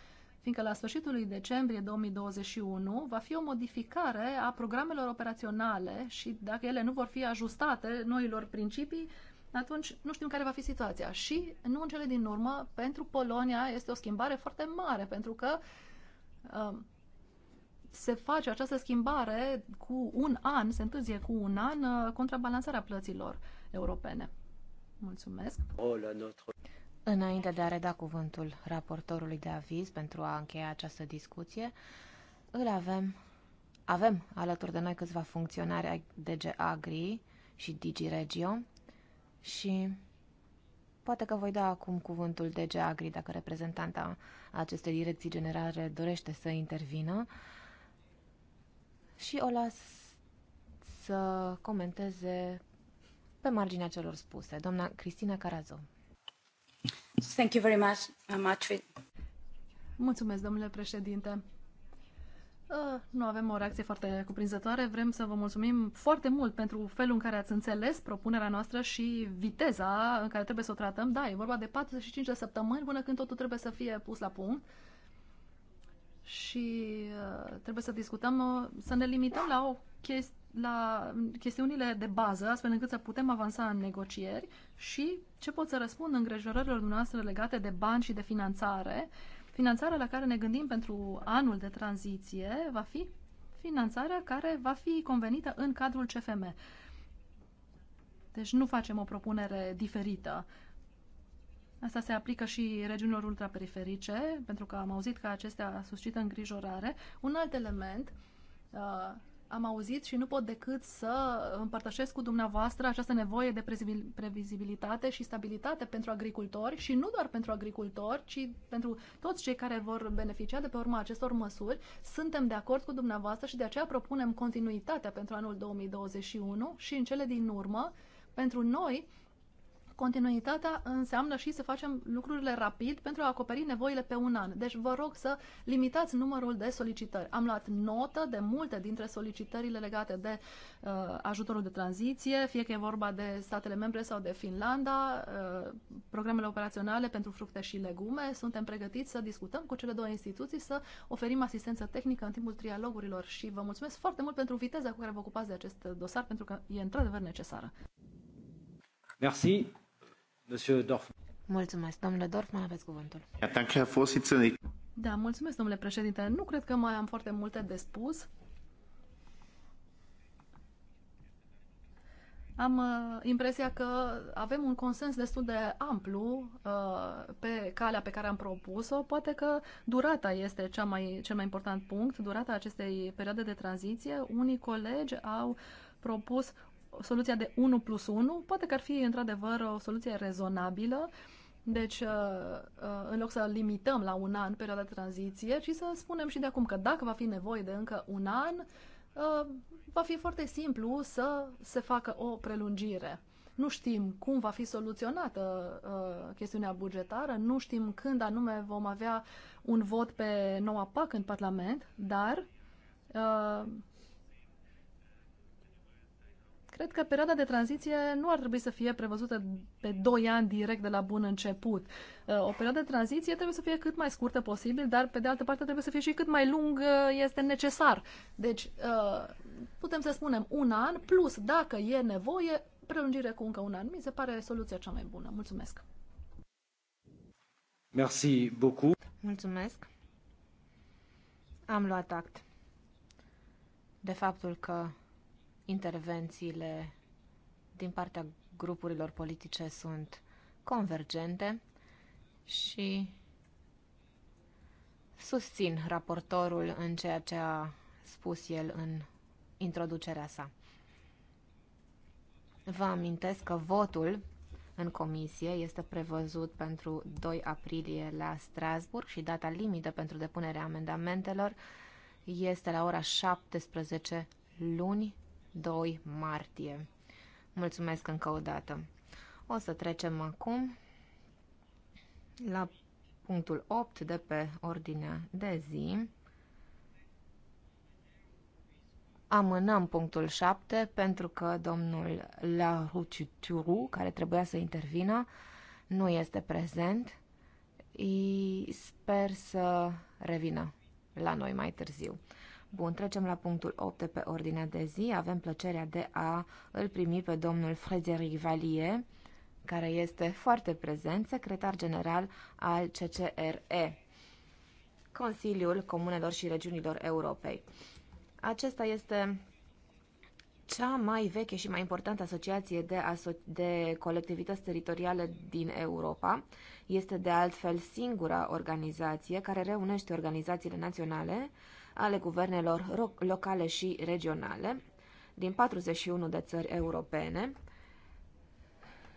fiindcă la sfârșitul lui decembrie 2021 va fi o modificare a programelor operaționale și dacă ele nu vor fi ajustate noilor principii, atunci nu știm care va fi situația. Și, nu în cele din urmă, pentru Polonia este o schimbare foarte mare, pentru că uh, se face această schimbare cu un an, se întârzie cu un an uh, contrabalansarea plăților europene. Mulțumesc. Înainte de a reda cuvântul raportorului de aviz pentru a încheia această discuție, îl avem, avem alături de noi câțiva funcționari ai DG Agri și Digi Regio și poate că voi da acum cuvântul DG Agri dacă reprezentanta acestei direcții generale dorește să intervină. Uh, și o las să comenteze pe marginea celor spuse. Doamna Cristina Carazo. Thank you very much. Uh, much. Mulțumesc, domnule președinte. Uh, nu avem o reacție foarte cuprinzătoare. Vrem să vă mulțumim foarte mult pentru felul în care ați înțeles propunerea noastră și viteza în care trebuie să o tratăm. Da, e vorba de 45 de săptămâni până când totul trebuie să fie pus la punct și uh, trebuie să discutăm, uh, să ne limităm la, o chesti- la chestiunile de bază, astfel încât să putem avansa în negocieri și ce pot să răspund îngrijorărilor noastre legate de bani și de finanțare. Finanțarea la care ne gândim pentru anul de tranziție va fi finanțarea care va fi convenită în cadrul CFM. Deci nu facem o propunere diferită. Uh, Asta se aplică și regiunilor ultraperiferice, pentru că am auzit că acestea suscită îngrijorare. Un alt element, uh, am auzit și nu pot decât să împărtășesc cu dumneavoastră această nevoie de previzibilitate și stabilitate pentru agricultori și nu doar pentru agricultori, ci pentru toți cei care vor beneficia de pe urma acestor măsuri. Suntem de acord cu dumneavoastră și de aceea propunem continuitatea pentru anul 2021 și în cele din urmă, pentru noi, Continuitatea înseamnă și să facem lucrurile rapid pentru a acoperi nevoile pe un an. Deci vă rog să limitați numărul de solicitări. Am luat notă de multe dintre solicitările legate de uh, ajutorul de tranziție, fie că e vorba de statele membre sau de Finlanda, uh, programele operaționale pentru fructe și legume. Suntem pregătiți să discutăm cu cele două instituții, să oferim asistență tehnică în timpul trialogurilor și vă mulțumesc foarte mult pentru viteza cu care vă ocupați de acest dosar, pentru că e într-adevăr necesară. Merci. Mulțumesc, domnule Dorfman, aveți cuvântul. Da, mulțumesc, domnule președinte. Nu cred că mai am foarte multe de spus. Am uh, impresia că avem un consens destul de amplu uh, pe calea pe care am propus-o. Poate că durata este cea mai, cel mai important punct, durata acestei perioade de tranziție. Unii colegi au propus soluția de 1 plus 1 poate că ar fi într-adevăr o soluție rezonabilă, deci uh, uh, în loc să limităm la un an perioada de tranziție, ci să spunem și de acum că dacă va fi nevoie de încă un an, uh, va fi foarte simplu să se facă o prelungire. Nu știm cum va fi soluționată uh, chestiunea bugetară, nu știm când anume vom avea un vot pe noua PAC în Parlament, dar uh, Cred că perioada de tranziție nu ar trebui să fie prevăzută pe 2 ani direct de la bun început. Uh, o perioadă de tranziție trebuie să fie cât mai scurtă posibil, dar pe de altă parte trebuie să fie și cât mai lung uh, este necesar. Deci uh, putem să spunem un an plus, dacă e nevoie, prelungire cu încă un an. Mi se pare soluția cea mai bună. Mulțumesc! Merci beaucoup. Mulțumesc! Am luat act de faptul că intervențiile din partea grupurilor politice sunt convergente și susțin raportorul în ceea ce a spus el în introducerea sa. Vă amintesc că votul în comisie este prevăzut pentru 2 aprilie la Strasburg și data limită pentru depunerea amendamentelor este la ora 17 luni 2 martie. Mulțumesc încă o dată. O să trecem acum la punctul 8 de pe ordinea de zi. Amânăm punctul 7 pentru că domnul La Ruchituru, care trebuia să intervină, nu este prezent. I sper să revină la noi mai târziu. Bun, trecem la punctul 8 de pe ordinea de zi. Avem plăcerea de a îl primi pe domnul Frédéric Valier, care este foarte prezent, secretar general al CCRE, Consiliul Comunelor și Regiunilor Europei. Acesta este cea mai veche și mai importantă asociație de, aso- de colectivități teritoriale din Europa. Este de altfel singura organizație care reunește organizațiile naționale uh, ale guvernelor locale și regionale din 41 de țări europene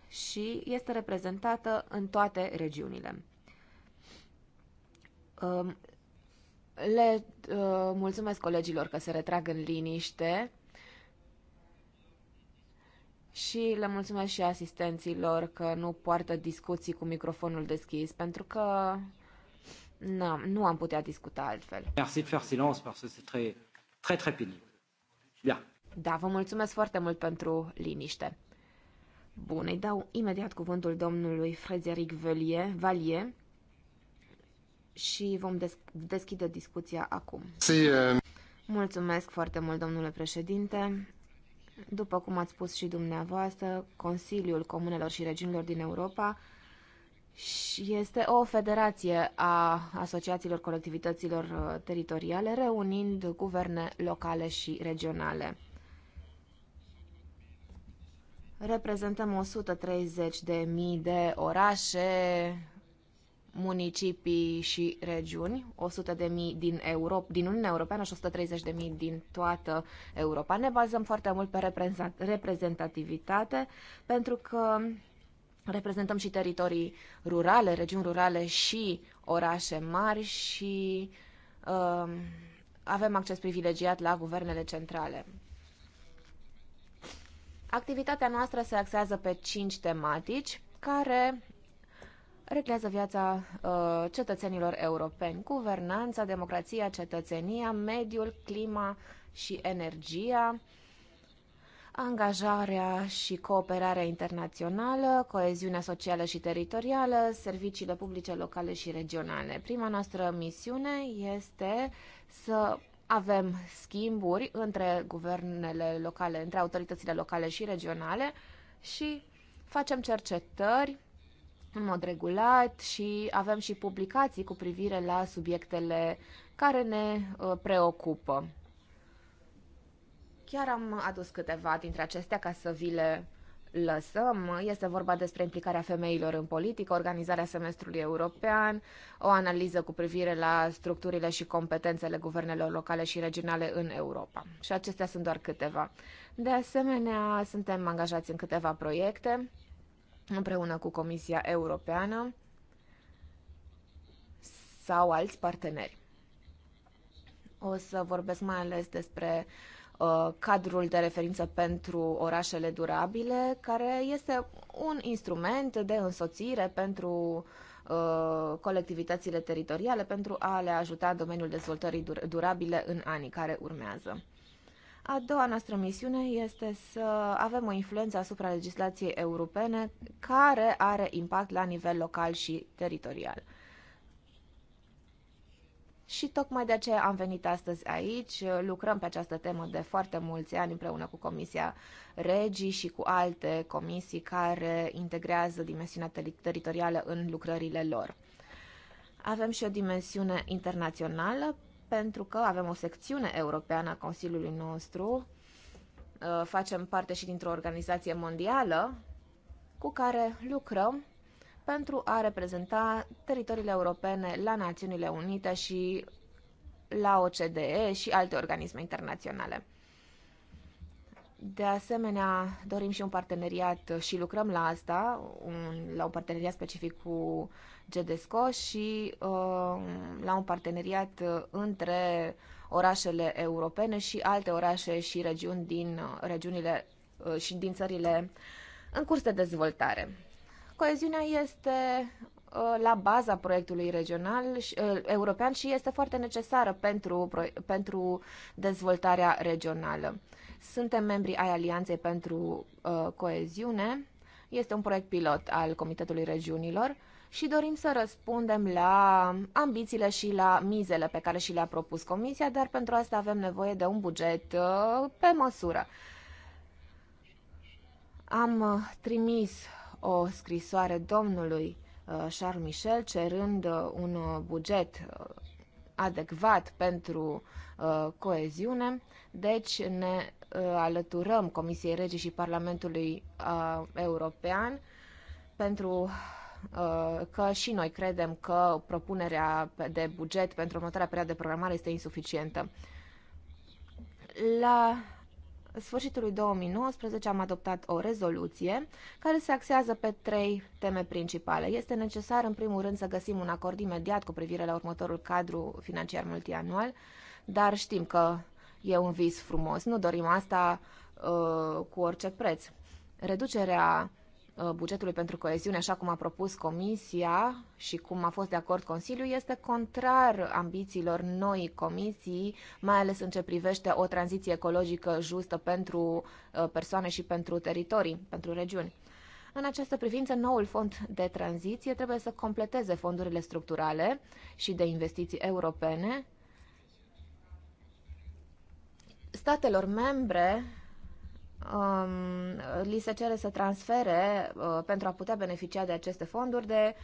și este reprezentată în toate regiunile. Um, le uh, mulțumesc colegilor că se retrag în liniște și le mulțumesc și asistenților că nu poartă discuții cu microfonul deschis, pentru că nu, nu am putea discuta altfel. Merci de faire silence, parce que c'est très, très, très pénible. Bien. Da, vă mulțumesc foarte mult pentru liniște. Bun, îi dau imediat cuvântul domnului Frederic Velier, Valier și vom des- deschide discuția acum. Si, uh... Mulțumesc foarte mult, domnule președinte. După cum ați spus și dumneavoastră, Consiliul Comunelor și Regiunilor din Europa și este o federație a asociațiilor colectivităților uh, teritoriale reunind guverne locale și regionale. Reprezentăm 130 de mii de orașe, municipii și regiuni, 100 de mii din, Europa, din Uniunea Europeană și 130 de mii din toată Europa. Ne bazăm foarte mult pe reprezentativitate pentru că Reprezentăm și teritorii rurale, regiuni rurale și orașe mari și uh, avem acces privilegiat la guvernele centrale. Activitatea noastră se axează pe cinci tematici care reglează viața uh, cetățenilor europeni. Guvernanța, democrația, cetățenia, mediul, clima și energia, angajarea și cooperarea internațională, coeziunea socială și teritorială, serviciile publice locale și regionale. Prima noastră misiune este să avem schimburi între guvernele locale, între autoritățile locale și regionale și facem cercetări în mod regulat și avem și publicații cu privire la subiectele care ne uh, preocupă. Chiar am adus câteva dintre acestea ca să vi le lăsăm. Este vorba despre implicarea femeilor în politică, organizarea semestrului european, o analiză cu privire la structurile și competențele guvernelor locale și regionale în Europa. Și acestea sunt doar câteva. De asemenea, suntem angajați în câteva proiecte împreună cu Comisia Europeană sau alți parteneri. O să vorbesc mai ales despre uh, Uh, cadrul de referință pentru orașele durabile, care este un instrument de însoțire pentru uh, colectivitățile teritoriale pentru a le ajuta domeniul dezvoltării durabile în anii care urmează. A doua noastră misiune este să avem o influență asupra legislației europene care are impact la nivel local și teritorial. Și tocmai de aceea am venit astăzi aici, lucrăm pe această temă de foarte mulți ani împreună cu Comisia Regii și cu alte comisii care integrează dimensiunea teritorială în lucrările lor. Avem și o dimensiune internațională pentru că avem o secțiune europeană a Consiliului nostru, ă, facem parte și dintr-o organizație mondială cu care lucrăm pentru a reprezenta teritoriile europene la Națiunile Unite și la OCDE și alte organisme internaționale. De asemenea, dorim și un parteneriat și lucrăm la asta, un, la un parteneriat specific cu GDSCO și uh, la un parteneriat între orașele europene și alte orașe și regiuni din uh, regiunile uh, și din țările în curs de dezvoltare. Coeziunea este uh, la baza proiectului regional uh, european și este foarte necesară pentru, pentru dezvoltarea regională. Suntem membri ai Alianței pentru uh, Coeziune, este un proiect pilot al Comitetului Regiunilor și dorim să răspundem la ambițiile și la mizele pe care și le-a propus Comisia, dar pentru asta avem nevoie de un buget uh, pe măsură. Am uh, trimis o scrisoare domnului uh, Charles Michel cerând uh, un uh, buget adecvat pentru coeziune, deci ne alăturăm Comisiei Regii și Parlamentului European pentru că și noi credem că propunerea de buget pentru următoarea perioadă de programare este insuficientă. La sfârșitului 2019 am adoptat o rezoluție care se axează pe trei teme principale. Este necesar, în primul rând, să găsim un acord imediat cu privire la următorul cadru financiar multianual, dar știm că e un vis frumos. Nu dorim asta uh, cu orice preț. Reducerea Uh, bugetului pentru coeziune, așa cum a propus Comisia și cum a fost de acord Consiliul, este contrar ambițiilor noi comisii, mai ales în ce privește o tranziție ecologică justă pentru uh, persoane și pentru teritorii, pentru regiuni. În această privință, noul fond de tranziție trebuie să completeze fondurile structurale și de investiții europene statelor membre um, li se cere să transfere uh, pentru a putea beneficia de aceste fonduri de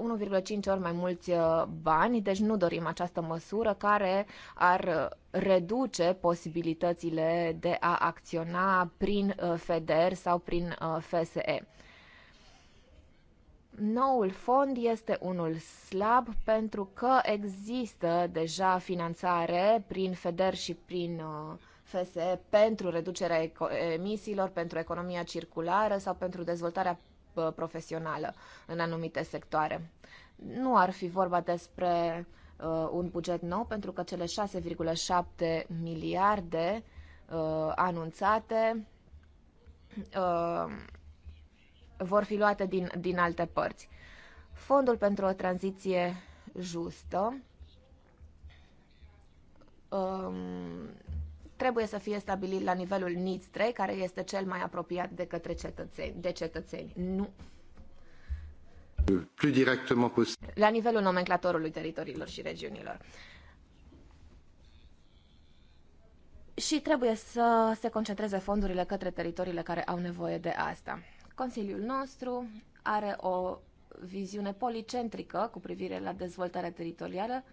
uh, 1,5 ori mai mulți uh, bani, deci nu dorim această măsură care ar uh, reduce posibilitățile de a acționa prin uh, FEDER sau prin uh, FSE. Noul fond este unul slab pentru că există deja finanțare prin FEDER și prin uh, FSE pentru reducerea emisiilor, pentru economia circulară sau pentru dezvoltarea profesională în anumite sectoare. Nu ar fi vorba despre uh, un buget nou, pentru că cele 6,7 miliarde uh, anunțate uh, vor fi luate din, din alte părți. Fondul pentru o tranziție justă trebuie să fie stabilit la nivelul NITS 3, care este cel mai apropiat de către cetățeni, de cetățeni. Nu plus directement posibil. La nivelul nomenclatorului teritoriilor și regiunilor. Și trebuie să se concentreze fondurile către teritoriile care au nevoie de asta. Consiliul nostru are o viziune policentrică cu privire la dezvoltarea teritorială,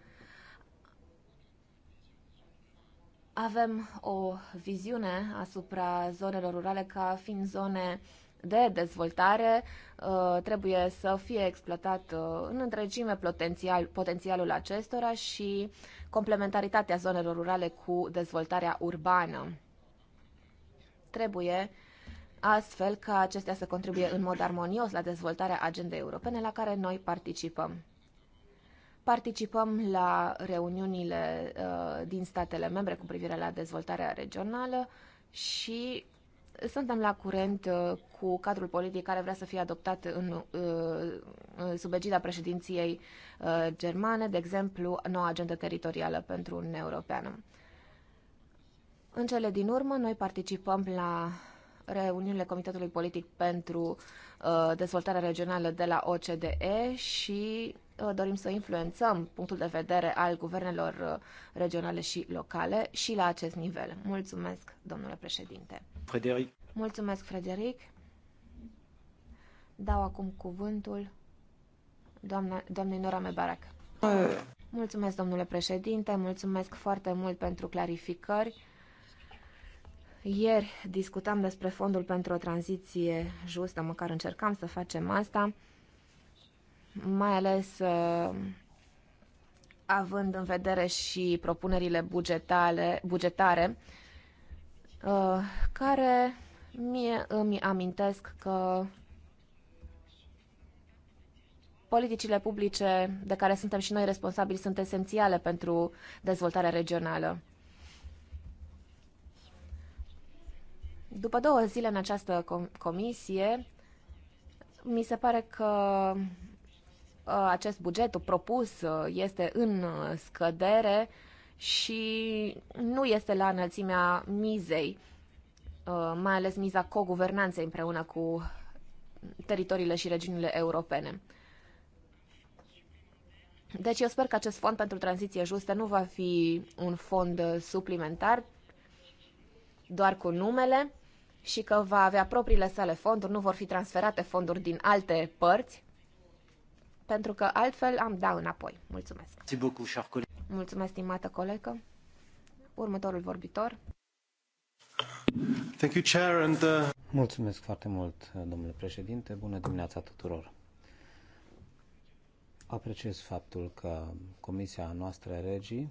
avem o viziune asupra zonelor rurale ca fiind zone de dezvoltare, uh, trebuie să fie exploatat uh, în întregime potențial, potențialul acestora și complementaritatea zonelor rurale cu dezvoltarea urbană. Trebuie astfel ca acestea să contribuie în mod armonios la dezvoltarea agendei europene la care noi participăm. Participăm la reuniunile uh, din statele membre cu privire la dezvoltarea regională și suntem la curent uh, cu cadrul politic care vrea să fie adoptat în, uh, sub egida președinției uh, germane, de exemplu, noua agendă teritorială pentru Uniunea Europeană. În cele din urmă, noi participăm la reuniunile Comitetului Politic pentru uh, Dezvoltarea Regională de la OCDE și Uh, dorim să influențăm punctul de vedere al guvernelor uh, regionale și locale și la acest nivel. Mulțumesc, domnule președinte. Frederic. Mulțumesc, Frederic. Dau acum cuvântul doamna, doamnei Nora Mebarak. Mulțumesc, domnule președinte, mulțumesc foarte mult pentru clarificări. Ieri discutam despre fondul pentru o tranziție justă, măcar încercam să facem asta mai ales uh, având în vedere și propunerile bugetale, bugetare, uh, care mie îmi amintesc că politicile publice de care suntem și noi responsabili sunt esențiale pentru dezvoltarea regională. După două zile în această comisie, mi se pare că Uh, acest buget propus uh, este în uh, scădere și nu este la înălțimea mizei, mai ales miza co co-guvernanței împreună cu teritoriile și regiunile europene. Deci eu sper că acest fond pentru tranziție justă nu va fi un fond suplimentar, doar cu numele, și că va avea propriile sale fonduri, nu vor fi transferate fonduri din alte părți, pentru că altfel am dat înapoi. Mulțumesc. Mulțumesc, stimată colegă. Următorul vorbitor. Thank you, Chair, and, uh... Mulțumesc foarte mult, domnule președinte. Bună dimineața tuturor. Apreciez faptul că comisia noastră regii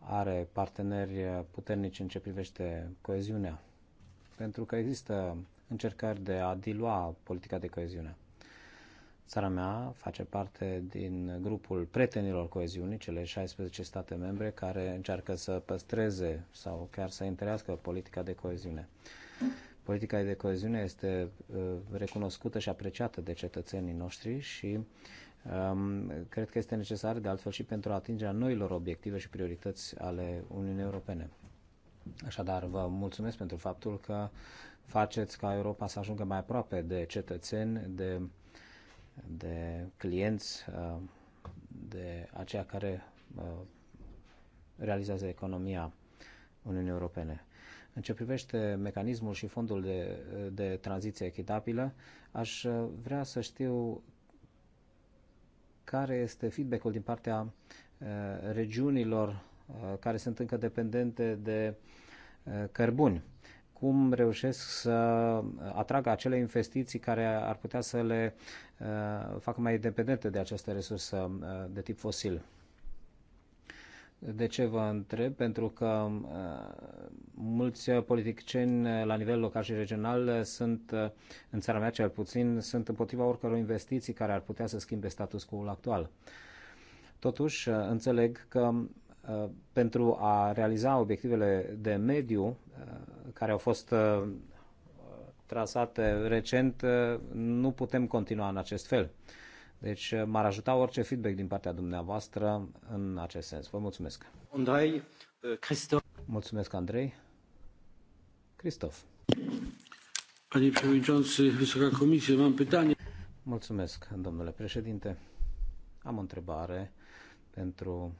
are parteneri puternici în ce privește coeziunea, pentru că există încercări de a dilua politica de coeziune. Țara mea face parte din grupul prietenilor coeziunii, cele 16 state membre care încearcă să păstreze sau chiar să întărească politica de coeziune. Politica de coeziune este uh, recunoscută și apreciată de cetățenii noștri și um, cred că este necesară de altfel și pentru atingerea noilor obiective și priorități ale Uniunii Europene. Așadar, vă mulțumesc pentru faptul că faceți ca Europa să ajungă mai aproape de cetățeni, de de clienți, uh, de aceia care uh, realizează economia Uniunii Europene. În ce privește mecanismul și fondul de, de tranziție echitabilă, aș uh, vrea să știu care este feedback-ul din partea regiunilor care sunt încă dependente de cărbuni cum reușesc să atragă acele investiții care ar putea să le uh, facă mai dependente de această resursă uh, de tip fosil. De ce vă întreb? Pentru că uh, mulți politicieni la nivel local și regional sunt, în țara mea cel puțin, sunt împotriva oricăror investiții care ar putea să schimbe status quo-ul actual. Totuși, înțeleg că pentru a realiza obiectivele de mediu, care au fost uh, trasate recent, uh, nu putem continua în acest fel. Deci uh, m-ar ajuta orice feedback din partea dumneavoastră în acest sens. Vă mulțumesc. Andrei, Cristof. Mulțumesc, Andrei. Cristof. Panie Przewodniczący, Wysoka Comisie, pytanie. Mulțumesc, domnule președinte. Am o întrebare pentru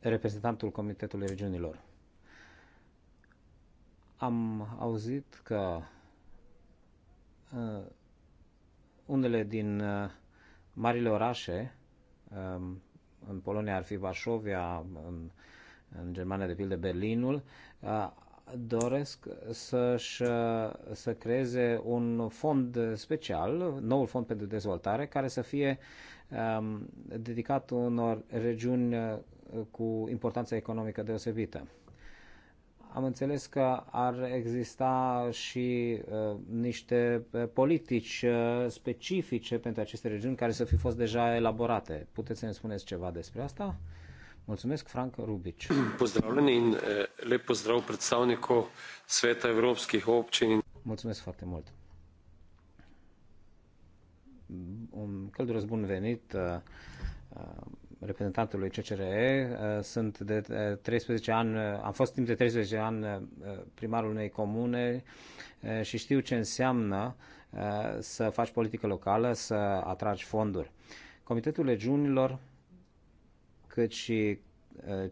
reprezentantul Comitetului Regiunilor. Am auzit că uh, unele din uh, marile orașe, uh, în Polonia ar fi Varsovia, în, în Germania de pildă Berlinul, uh, doresc să-și, uh, să creeze un fond special, noul fond pentru dezvoltare, care să fie um, dedicat unor regiuni uh, cu importanță economică deosebită am înțeles că ar exista și uh, niște uh, politici uh, specifice pentru aceste regiuni care să fi fost deja elaborate. Puteți să ne spuneți ceva despre asta? Mulțumesc, Frank Rubic. Pozdravljeni in uh, lep pozdrav predstavniku Sveta Evropskih občin. Mulțumesc foarte mult. Un călduros bun venit uh, uh reprezentantului CCRE. Uh, sunt de 13 uh, ani, uh, am fost timp de 13 ani primarul unei comune și știu ce înseamnă să faci politică locală, să atragi fonduri. Comitetul Legiunilor, cât și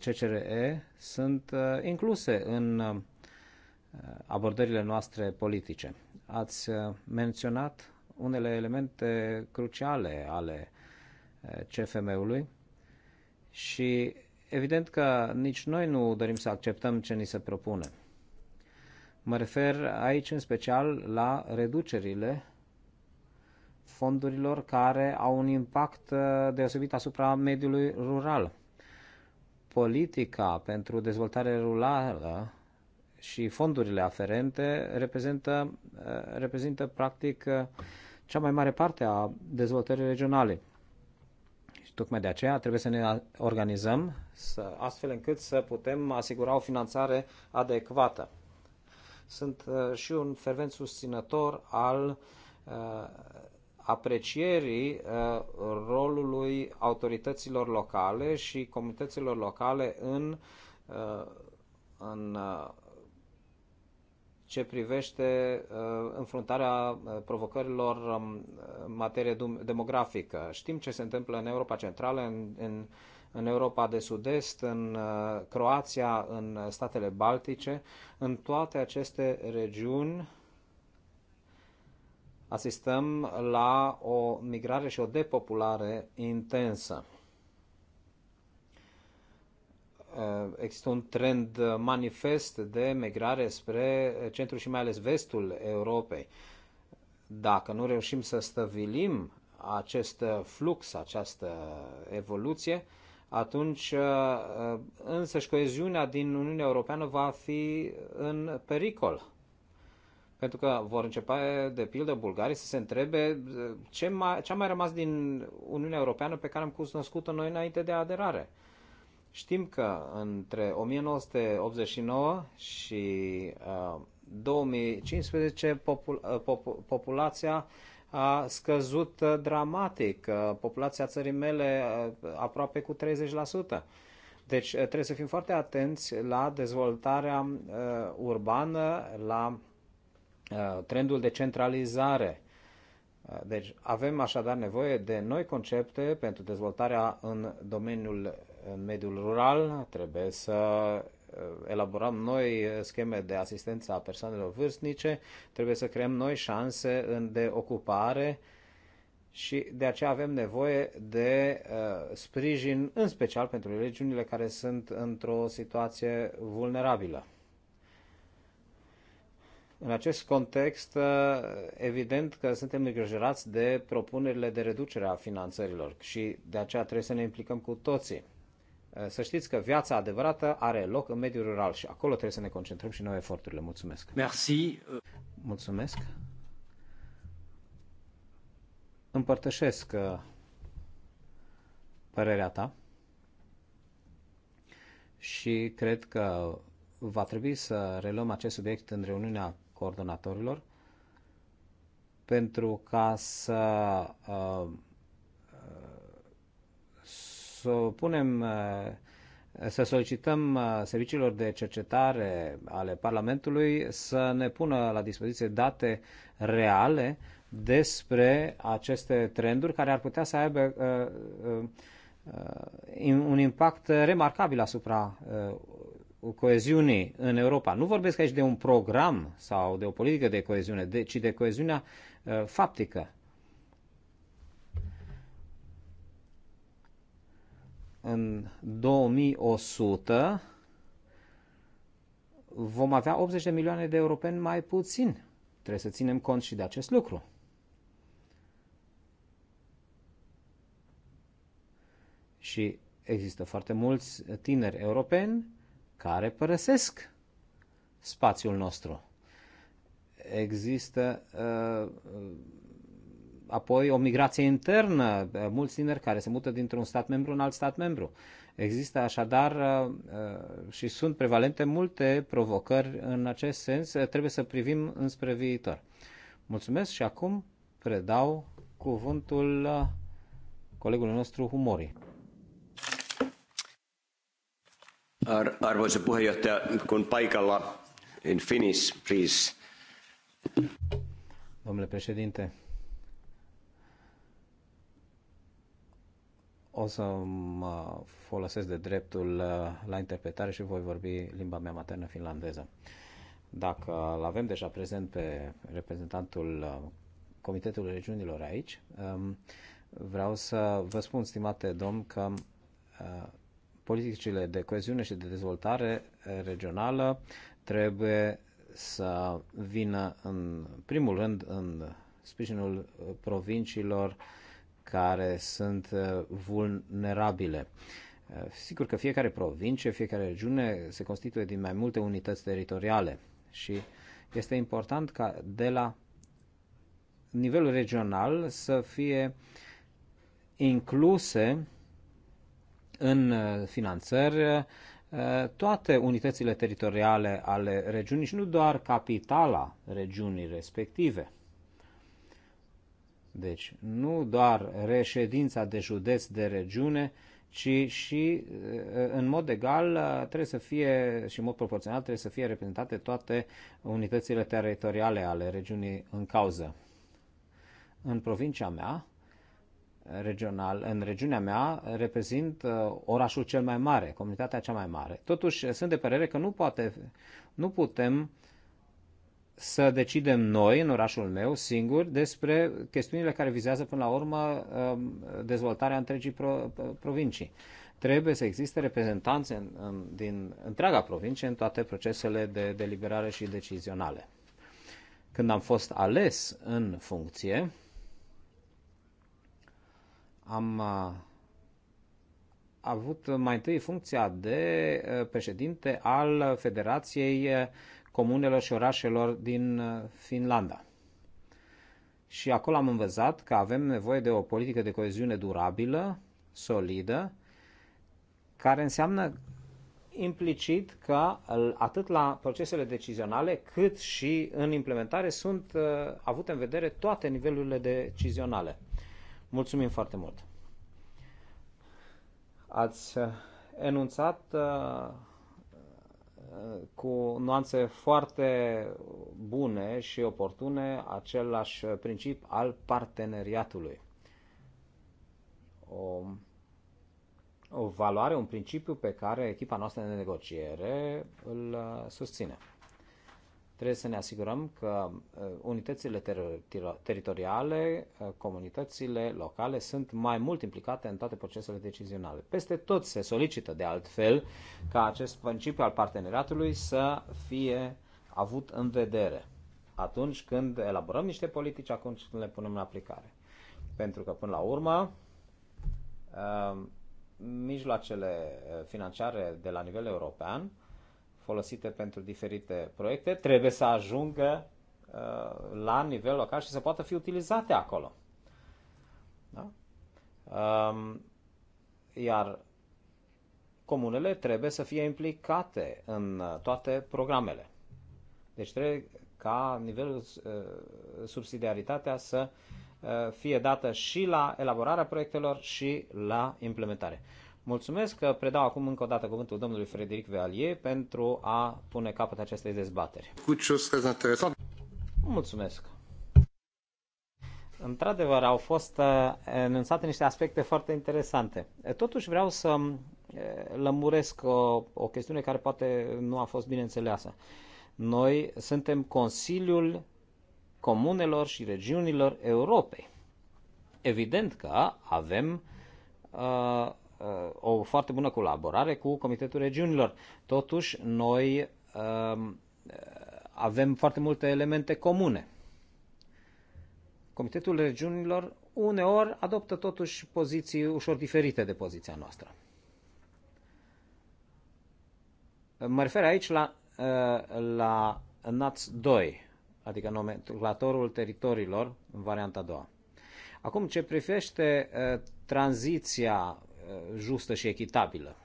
CCRE sunt incluse în abordările noastre politice. Ați menționat unele elemente cruciale ale CFM-ului și evident că nici noi nu dorim să acceptăm ce ni se propune. Mă refer aici în special la reducerile fondurilor care au un impact uh, deosebit asupra mediului rural. Politica pentru dezvoltare rurală și fondurile aferente reprezintă, uh, reprezintă practic uh, cea mai mare parte a dezvoltării regionale tocmai de aceea trebuie să ne organizăm să, astfel încât să putem asigura o finanțare adecvată. Sunt uh, și un fervent susținător al uh, aprecierii uh, rolului autorităților locale și comunităților locale în, în ce privește uh, înfruntarea uh, provocărilor um, în materie demografică. Știm ce se întâmplă în Europa Centrală, în, în, în Europa de Sud-Est, în uh, Croația, în statele Baltice. În toate aceste regiuni asistăm la o migrare și o depopulare intensă. Eh, există un trend eh, manifest de migrare spre centrul și mai ales vestul Europei. Dacă nu reușim să stăvilim acest eh, flux, această evoluție, atunci însăși coeziunea din Uniunea Europeană va fi în pericol. Pentru că vor începe, de pildă, bulgarii să se întrebe ce, mai, ce a mai rămas din Uniunea Europeană pe care am cunoscut-o noi înainte de aderare. Știm că între 1989 și uh, 2015 popul, uh, pop, populația a scăzut uh, dramatic. Uh, populația țării mele uh, aproape cu 30%. Deci uh, trebuie să fim foarte atenți la dezvoltarea uh, urbană, la uh, trendul de centralizare. Uh, deci avem așadar nevoie de noi concepte pentru dezvoltarea în domeniul în mediul rural, trebuie să uh, elaborăm noi uh, scheme de asistență a persoanelor vârstnice, trebuie să creăm noi șanse de ocupare și de aceea avem nevoie de uh, sprijin, în special pentru regiunile care sunt într-o situație vulnerabilă. În acest context, uh, evident că suntem îngrijorați de propunerile de reducere a finanțărilor și de aceea trebuie să ne implicăm cu toții. Eh, să știți că viața adevărată are loc în mediul rural și acolo trebuie să ne concentrăm și noi eforturile. Mulțumesc! Merci! Mulțumesc! Împărtășesc eh, părerea ta și cred că va trebui să reluăm acest subiect în reuniunea coordonatorilor pentru ca să uh, să punem eh, să solicităm eh, serviciilor de cercetare ale Parlamentului să ne pună la dispoziție date reale despre aceste trenduri care ar putea să aibă eh, un impact remarcabil asupra coeziunii în Europa. Nu vorbesc aici de un program sau de o politică de coeziune, ci de coeziunea faptică în 2100 vom avea 80 de milioane de europeni mai puțin. Trebuie să ținem cont și de acest lucru. Și există foarte mulți tineri europeni care părăsesc spațiul nostru. Există uh, apoi o migrație internă, mulți tineri care se mută dintr-un stat membru în alt stat membru. Există așadar uh, uh, și sunt prevalente multe provocări în acest sens, trebuie să privim înspre viitor. Mulțumesc și acum predau cuvântul uh, colegului nostru Humori. Ar, arvoisa puheenjohtaja, kun paikalla in Finnish, please. Domnule președinte, o să mă folosesc de dreptul uh, la interpretare și voi vorbi limba mea maternă finlandeză. Dacă îl avem deja prezent pe reprezentantul uh, Comitetului Regiunilor aici, um, vreau să vă spun, stimate domn, că uh, politicile de coeziune și de dezvoltare regională trebuie să vină în primul rând în sprijinul provinciilor uh, care sunt uh, vulnerabile. Uh, sigur că fiecare provincie, fiecare regiune se constituie din mai multe unități teritoriale și este important ca de la nivelul regional să fie incluse în uh, finanțări toate unitățile teritoriale ale regiunii și nu doar capitala regiunii respective. Deci, nu doar reședința de județ, de regiune, ci și, uh, în mod egal, uh, trebuie să fie, și în mod proporțional, trebuie să fie reprezentate toate unitățile teritoriale ale regiunii în cauză. În provincia mea, regional, în regiunea mea, reprezint uh, orașul cel mai mare, comunitatea cea mai mare. Totuși, sunt de părere că nu, poate, nu putem să decidem noi, în orașul meu, singur, despre chestiunile care vizează până la urmă um, dezvoltarea întregii pro, provincii. Trebuie să existe reprezentanțe în, în, din întreaga provincie în toate procesele de deliberare și decizionale. Când am fost ales în funcție, am uh, avut mai întâi funcția de uh, președinte al Federației uh, comunelor și orașelor din uh, Finlanda. Și acolo am învățat că avem nevoie de o politică de coeziune durabilă, solidă, care înseamnă implicit că uh, atât la procesele decizionale cât și în implementare sunt uh, avute în vedere toate nivelurile decizionale. Mulțumim foarte mult! Ați uh, enunțat uh, cu nuanțe foarte bune și oportune același principiu al parteneriatului. O, o valoare, un principiu pe care echipa noastră de negociere îl susține. Trebuie să ne asigurăm că uh, unitățile ter- ter- teritoriale, uh, comunitățile locale sunt mai mult implicate în toate procesele decizionale. Peste tot se solicită, de altfel, ca acest principiu al parteneriatului să fie avut în vedere atunci când elaborăm niște politici, atunci când le punem în aplicare. Pentru că, până la urmă, uh, mijloacele financiare de la nivel european folosite pentru diferite proiecte trebuie să ajungă uh, la nivel local și să poată fi utilizate acolo. Da? Um, iar comunele trebuie să fie implicate în uh, toate programele. Deci trebuie ca nivelul uh, subsidiaritatea să fie dată și la elaborarea proiectelor și la implementare. Mulțumesc că predau acum încă o dată cuvântul domnului Frederic Vealier pentru a pune capăt acestei dezbateri. Cu interesant. Mulțumesc! Într-adevăr, au fost uh, enunțate niște aspecte foarte interesante. Totuși vreau să uh, lămuresc o, o chestiune care poate nu a fost bine înțeleasă. Noi suntem Consiliul Comunelor și Regiunilor Europei. Evident că avem uh, Uh, o foarte bună colaborare cu Comitetul Regiunilor. Totuși, noi um, uh, avem foarte multe elemente comune. Comitetul Regiunilor uneori adoptă totuși poziții ușor diferite de poziția noastră. Mă refer aici la, uh, la NATS 2, adică nomenclatorul teritoriilor în varianta a doua. Acum, ce privește tranziția justă și echitabilă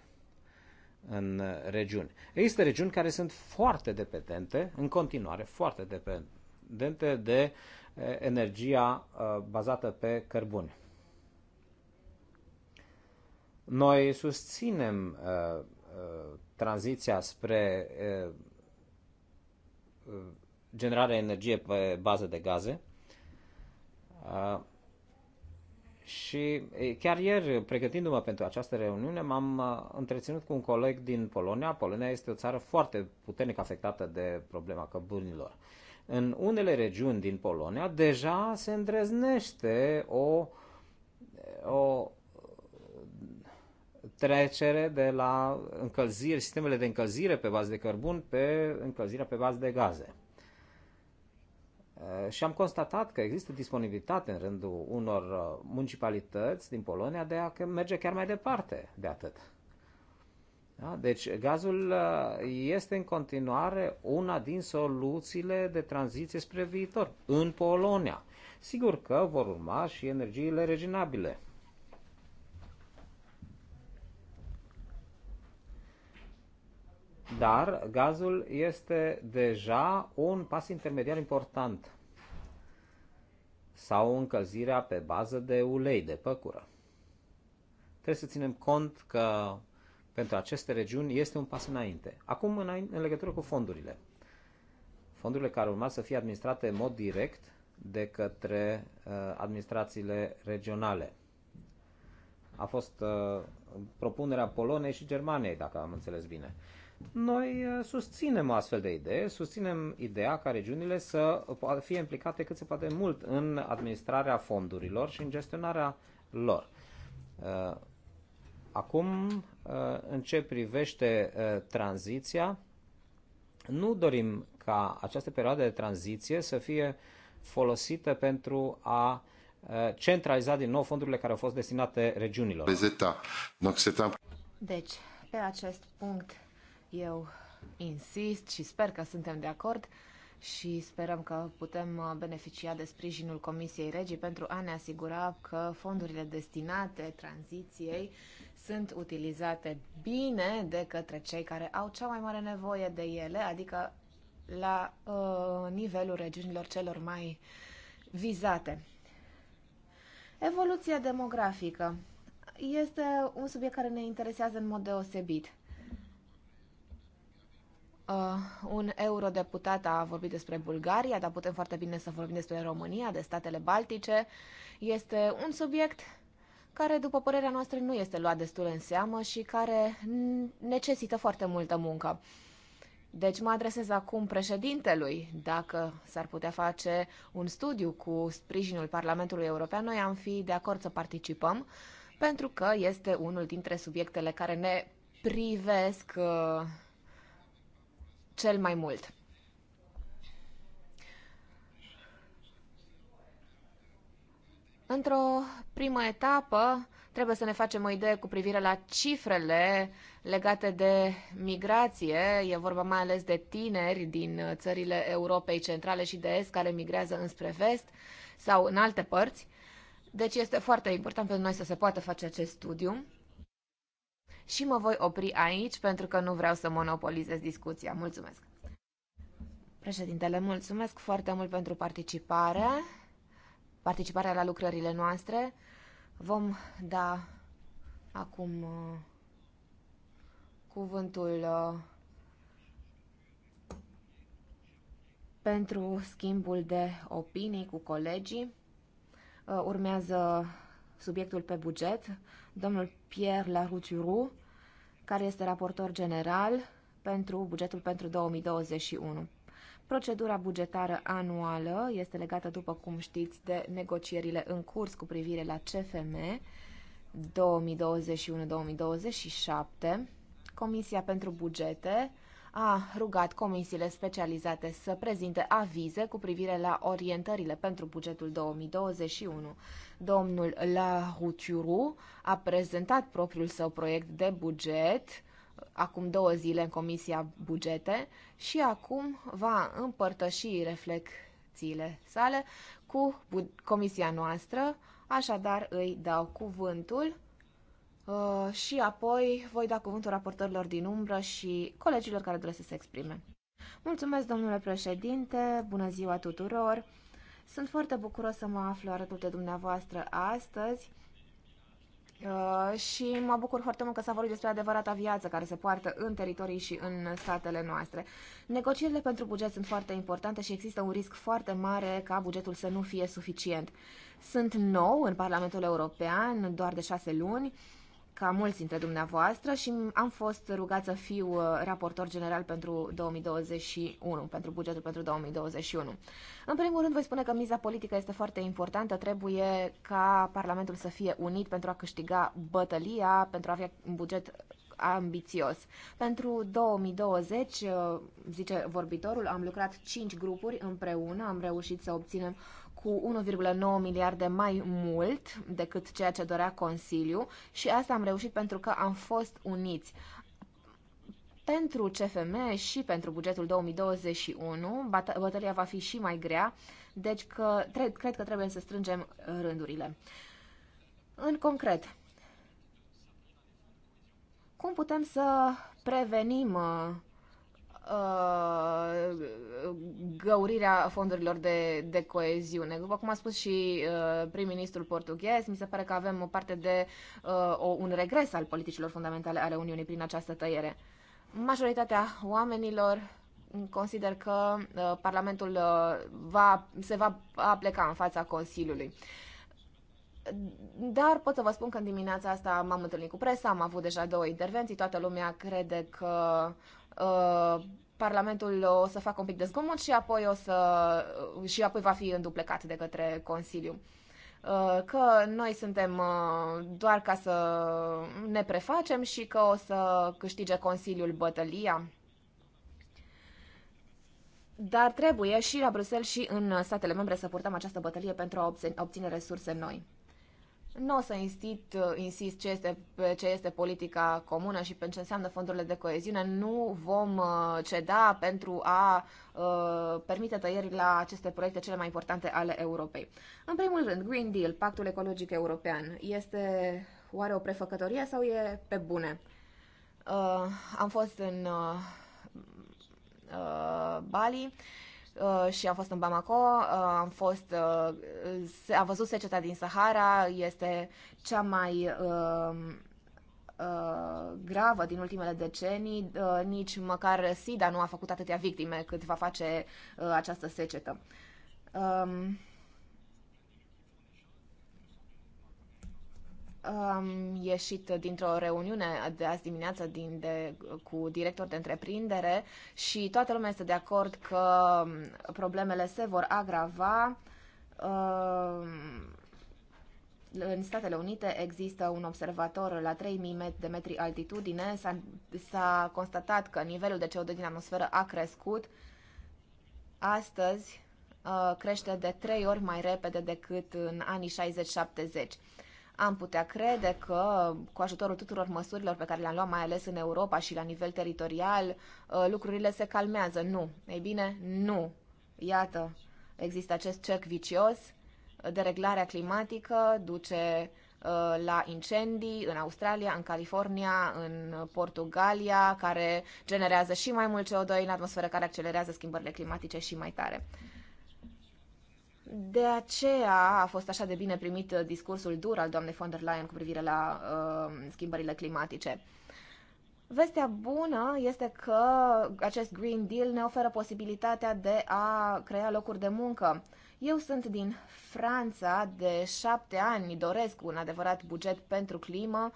în regiuni. Există regiuni care sunt foarte dependente, în continuare, foarte dependente de eh, energia eh, bazată pe cărbuni. Noi susținem eh, tranziția spre generarea energie pe bază de gaze. Și chiar ieri, pregătindu-mă pentru această reuniune, m-am uh, întreținut cu un coleg din Polonia. Polonia este o țară foarte puternic afectată de problema cărbunilor. În unele regiuni din Polonia deja se îndrăznește o, o trecere de la încălzire, sistemele de încălzire pe bază de cărbun pe încălzirea pe bază de gaze. Uh, și am constatat că există disponibilitate în rândul unor uh, municipalități din Polonia de a merge chiar mai departe de atât. Da? Deci gazul uh, este în continuare una din soluțiile de tranziție spre viitor în Polonia. Sigur că vor urma și energiile reginabile. Dar gazul este deja un pas intermediar important sau încălzirea pe bază de ulei de păcură. Trebuie să ținem cont că pentru aceste regiuni este un pas înainte. Acum, înainte, în legătură cu fondurile. Fondurile care urma să fie administrate în mod direct de către uh, administrațiile regionale. A fost uh, propunerea Poloniei și Germaniei, dacă am înțeles bine. Uh, noi eh, susținem o astfel de idee, susținem ideea ca regiunile să fie implicate cât se poate mult în administrarea fondurilor și în gestionarea lor. Eh, acum, eh, în ce privește tranziția, nu dorim ca această perioadă de tranziție să fie folosită pentru a centraliza din nou fondurile care au fost destinate regiunilor. Deci, pe acest punct eu insist și sper că suntem de acord și sperăm că putem uh, beneficia de sprijinul Comisiei Regii pentru a ne asigura că fondurile destinate tranziției sunt utilizate bine de către cei care au cea mai mare nevoie de ele, adică la uh, nivelul regiunilor celor mai vizate. Evoluția demografică este un subiect care ne interesează în mod deosebit. Uh, un eurodeputat a vorbit despre Bulgaria, dar putem foarte bine să vorbim despre România, de statele baltice. Este un subiect care, după părerea noastră, nu este luat destul în seamă și care necesită foarte multă muncă. Deci mă adresez acum președintelui. Dacă s-ar putea face un studiu cu sprijinul Parlamentului European, noi am fi de acord să participăm, pentru că este unul dintre subiectele care ne privesc uh, cel mai mult. Într-o primă etapă, trebuie să ne facem o idee cu privire la cifrele legate de migrație. E vorba mai ales de tineri din țările Europei Centrale și de Est care migrează înspre vest sau în alte părți. Deci este foarte important pentru noi să se poată face acest studiu și mă voi opri aici pentru că nu vreau să monopolizez discuția. Mulțumesc! Președintele, mulțumesc foarte mult pentru participare, participarea la lucrările noastre. Vom da acum uh, cuvântul uh, pentru schimbul de opinii cu colegii. Uh, urmează subiectul pe buget. Domnul Pierre Larouturou care este raportor general pentru bugetul pentru 2021. Procedura bugetară anuală este legată, după cum știți, de negocierile în curs cu privire la CFM 2021-2027. Comisia pentru bugete a rugat comisiile specializate să prezinte avize cu privire la orientările pentru bugetul 2021. Domnul La Routiuru a prezentat propriul său proiect de buget acum două zile în Comisia Bugete și acum va împărtăși reflecțiile sale cu Comisia noastră, așadar îi dau cuvântul Uh, și apoi voi da cuvântul raportorilor din umbră și colegilor care doresc să se exprime. Mulțumesc, domnule președinte, bună ziua tuturor! Sunt foarte bucuros să mă aflu alături de dumneavoastră astăzi uh, și mă bucur foarte mult că s-a vorbit despre adevărata viață care se poartă în teritorii și în statele noastre. Negocierile pentru buget sunt foarte importante și există un risc foarte mare ca bugetul să nu fie suficient. Sunt nou în Parlamentul European, doar de șase luni, ca mulți dintre dumneavoastră și am fost rugat să fiu uh, raportor general pentru 2021, pentru bugetul pentru 2021. În primul rând voi spune că miza politică este foarte importantă, trebuie ca Parlamentul să fie unit pentru a câștiga bătălia, pentru a avea un buget ambițios. Pentru 2020, uh, zice vorbitorul, am lucrat 5 grupuri împreună, am reușit să obținem cu 1,9 miliarde mai mult decât ceea ce dorea Consiliu și asta am reușit pentru că am fost uniți. Pentru CFM și pentru bugetul 2021, bătălia va fi și mai grea, deci că, cred că trebuie să strângem rândurile. În concret, cum putem să prevenim uh, uh, găurirea fondurilor de, de coeziune. După cum a spus și uh, prim-ministrul portughez, mi se pare că avem o parte de uh, o, un regres al politicilor fundamentale ale Uniunii prin această tăiere. Majoritatea oamenilor consider că uh, Parlamentul uh, va, se va apleca în fața Consiliului. Dar pot să vă spun că în dimineața asta m-am întâlnit cu presa, am avut deja două intervenții, toată lumea crede că Uh, Parlamentul o să facă un pic de zgomot și apoi, o să, și apoi va fi înduplecat de către Consiliu. Uh, că noi suntem uh, doar ca să ne prefacem și că o să câștige Consiliul bătălia. Dar trebuie și la Bruxelles și în statele membre să purtăm această bătălie pentru a obține resurse noi. Nu o să insist, uh, insist ce este, pe ce este politica comună și pe ce înseamnă fondurile de coeziune. Nu vom uh, ceda pentru a uh, permite tăieri la aceste proiecte cele mai importante ale Europei. În primul rând, Green Deal, Pactul Ecologic European, este oare o prefăcătorie sau e pe bune? Uh, am fost în uh, uh Bali Uh, și am fost în Bamako, uh, am fost, uh, a văzut seceta din Sahara, este cea mai gravă din ultimele decenii, nici măcar SIDA nu a făcut atâtea victime cât va face această secetă. Um, Am ieșit dintr-o reuniune de azi dimineață din, de, cu director de întreprindere și toată lumea este de acord că problemele se vor agrava. În Statele Unite există un observator la 3000 de metri altitudine. S-a, constatat că nivelul de CO2 din atmosferă a crescut. Astăzi uh, crește de 3 ori mai repede decât în anii 60-70 am putea crede că, cu ajutorul tuturor măsurilor pe care le-am luat, mai ales în Europa și la nivel teritorial, uh, lucrurile se calmează. Nu. Ei bine, nu. Iată, există acest cerc vicios. Dereglarea climatică duce uh, la incendii în Australia, în California, în Portugalia, care generează și mai mult CO2 în atmosferă, care accelerează schimbările climatice și mai tare. De aceea a fost așa de bine primit discursul dur al doamnei von der Leyen cu privire la uh, schimbările climatice. Vestea bună este că acest Green Deal ne oferă posibilitatea de a crea locuri de muncă. Eu sunt din Franța, de șapte ani doresc un adevărat buget pentru climă,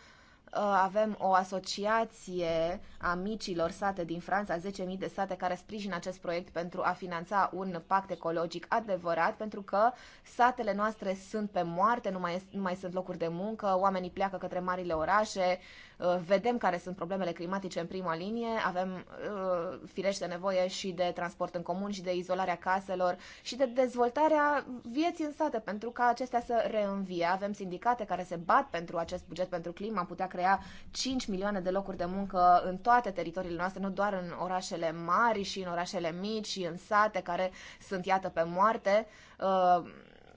Uh, avem o asociație a micilor sate din Franța, 10.000 de sate care sprijină acest proiect pentru a finanța un pact ecologic adevărat, pentru că satele noastre sunt pe moarte, nu mai, nu mai sunt locuri de muncă, oamenii pleacă către marile orașe, Uh, vedem care sunt problemele climatice în prima linie, avem uh, firește nevoie și de transport în comun și de izolarea caselor și de dezvoltarea vieții în sate pentru ca acestea să reînvie. Avem sindicate care se bat pentru acest buget pentru clima, am putea crea 5 milioane de locuri de muncă în toate teritoriile noastre, nu doar în orașele mari și în orașele mici și în sate care sunt, iată, pe moarte. Uh,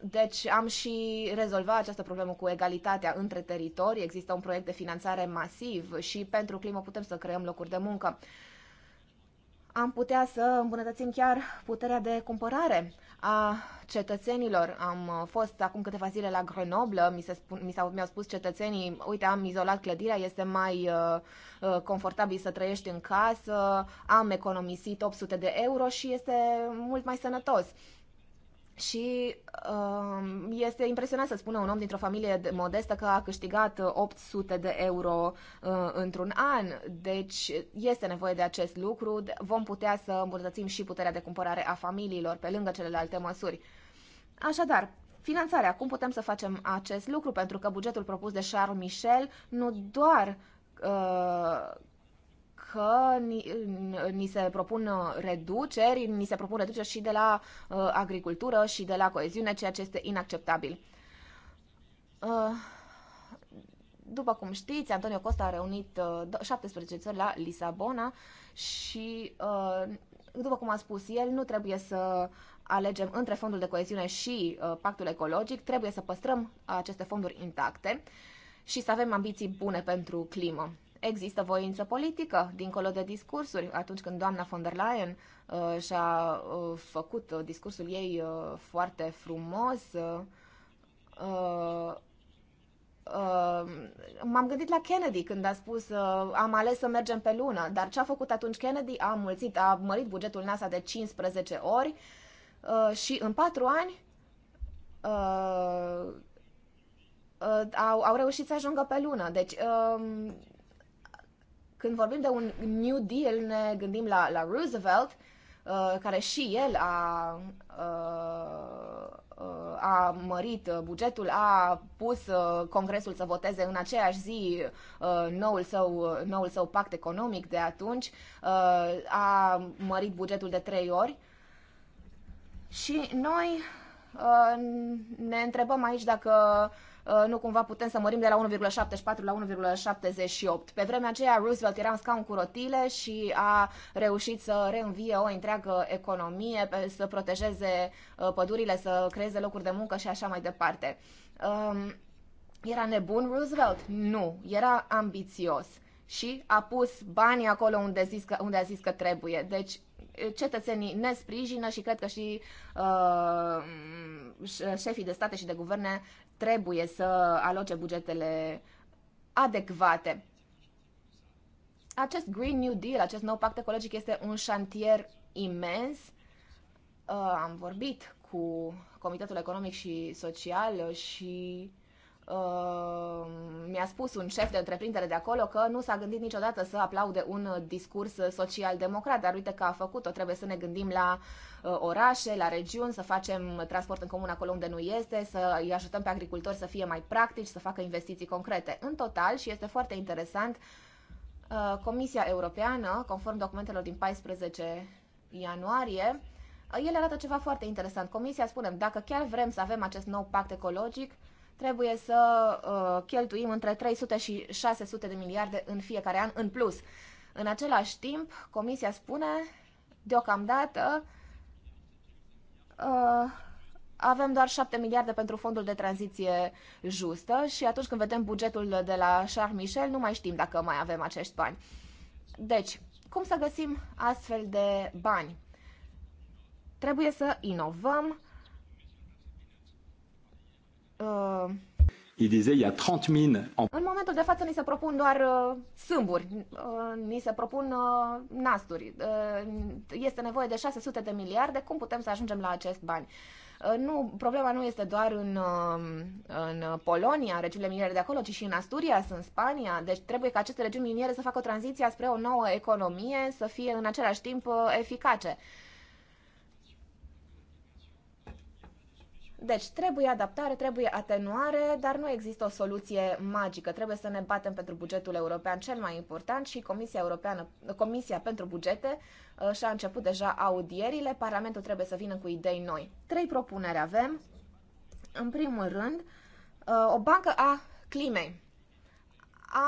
deci am și rezolvat această problemă cu egalitatea între teritorii. Există un proiect de finanțare masiv și pentru climă putem să creăm locuri de muncă. Am putea să îmbunătățim chiar puterea de cumpărare a cetățenilor. Am fost acum câteva zile la Grenoble, mi, se spun, mi, s-au, mi-au spus cetățenii, uite, am izolat clădirea, este mai uh, uh confortabil să trăiești în casă, am economisit 800 de euro și este mult mai sănătos. Uh, și um, este impresionant să spună un om dintr-o familie modestă că a câștigat 800 de euro uh, într-un an. Deci este nevoie de acest lucru. Vom putea să îmbunătățim și puterea de cumpărare a familiilor pe lângă celelalte măsuri. Așadar, finanțarea. Cum putem să facem acest lucru? Pentru că bugetul propus de Charles Michel nu doar uh, că ni, ni se propun reduceri, ni se propun reduceri și de la uh, agricultură și de la coeziune, ceea ce este inacceptabil. Uh, după cum știți, Antonio Costa a reunit uh, 17 țări la Lisabona și, uh, după cum a spus el, nu trebuie să alegem între fondul de coeziune și uh, pactul ecologic, trebuie să păstrăm aceste fonduri intacte și să avem ambiții bune pentru climă. Există voință politică, dincolo de discursuri. Atunci când doamna von der Leyen uh, și-a uh, făcut uh, discursul ei uh, foarte frumos, uh, uh, uh, m-am gândit la Kennedy când a spus uh, am ales să mergem pe lună, dar ce a făcut atunci Kennedy? A mulțit, a mărit bugetul NASA de 15 ori uh, și în 4 ani uh, uh, au, au reușit să ajungă pe lună. Deci, uh, când vorbim de un New Deal, ne gândim la, la Roosevelt, uh, care și el a, uh, uh, a mărit bugetul, a pus Congresul să voteze în aceeași zi noul său, noul său pact economic de atunci, a mărit bugetul de trei ori. Și noi ne întrebăm aici dacă Uh, nu cumva putem să mărim de la 1,74 la 1,78. Pe vremea aceea Roosevelt era în scaun cu rotile și a reușit să reînvie o întreagă economie, să protejeze uh, pădurile, să creeze locuri de muncă și așa mai departe. Um, era nebun Roosevelt? Nu, era ambițios și a pus banii acolo unde, zis că, unde a zis că trebuie. Deci cetățenii ne sprijină și cred că și uh, șefii de state și de guverne trebuie să aloce bugetele adecvate. Acest Green New Deal, acest nou pact ecologic este un șantier imens. Uh, am vorbit cu Comitetul Economic și Social și Uh, mi-a spus un șef de întreprindere de acolo că nu s-a gândit niciodată să aplaude un discurs social-democrat, dar uite că a făcut-o. Trebuie să ne gândim la uh, orașe, la regiuni, să facem transport în comun acolo unde nu este, să îi ajutăm pe agricultori să fie mai practici, să facă investiții concrete. În total, și este foarte interesant, uh, Comisia Europeană, conform documentelor din 14 ianuarie, el arată ceva foarte interesant. Comisia spune, dacă chiar vrem să avem acest nou pact ecologic, trebuie să uh, cheltuim între 300 și 600 de miliarde în fiecare an în plus. În același timp, Comisia spune, deocamdată, uh, avem doar 7 miliarde pentru fondul de tranziție justă și atunci când vedem bugetul de la Charles Michel, nu mai știm dacă mai avem acești bani. Deci, cum să găsim astfel de bani? Trebuie să inovăm, Uh, Il disait, il y a 30 mine. În momentul de față ni se propun doar uh, sâmburi, uh, ni se propun uh, nasturi. Uh, este nevoie de 600 de miliarde, cum putem să ajungem la acest bani? Uh, nu, problema nu este doar în, uh, în Polonia, regiunile miniere de acolo, ci și în Asturias, în Spania. Deci trebuie ca aceste regiuni miniere să facă o tranziție spre o nouă economie, să fie în același timp uh, eficace. Deci trebuie adaptare, trebuie atenuare, dar nu există o soluție magică. Trebuie să ne batem pentru bugetul european cel mai important și Comisia, Europeană, Comisia pentru Bugete uh, și-a început deja audierile. Parlamentul trebuie să vină cu idei noi. Trei propuneri avem. În primul rând, uh, o bancă a climei.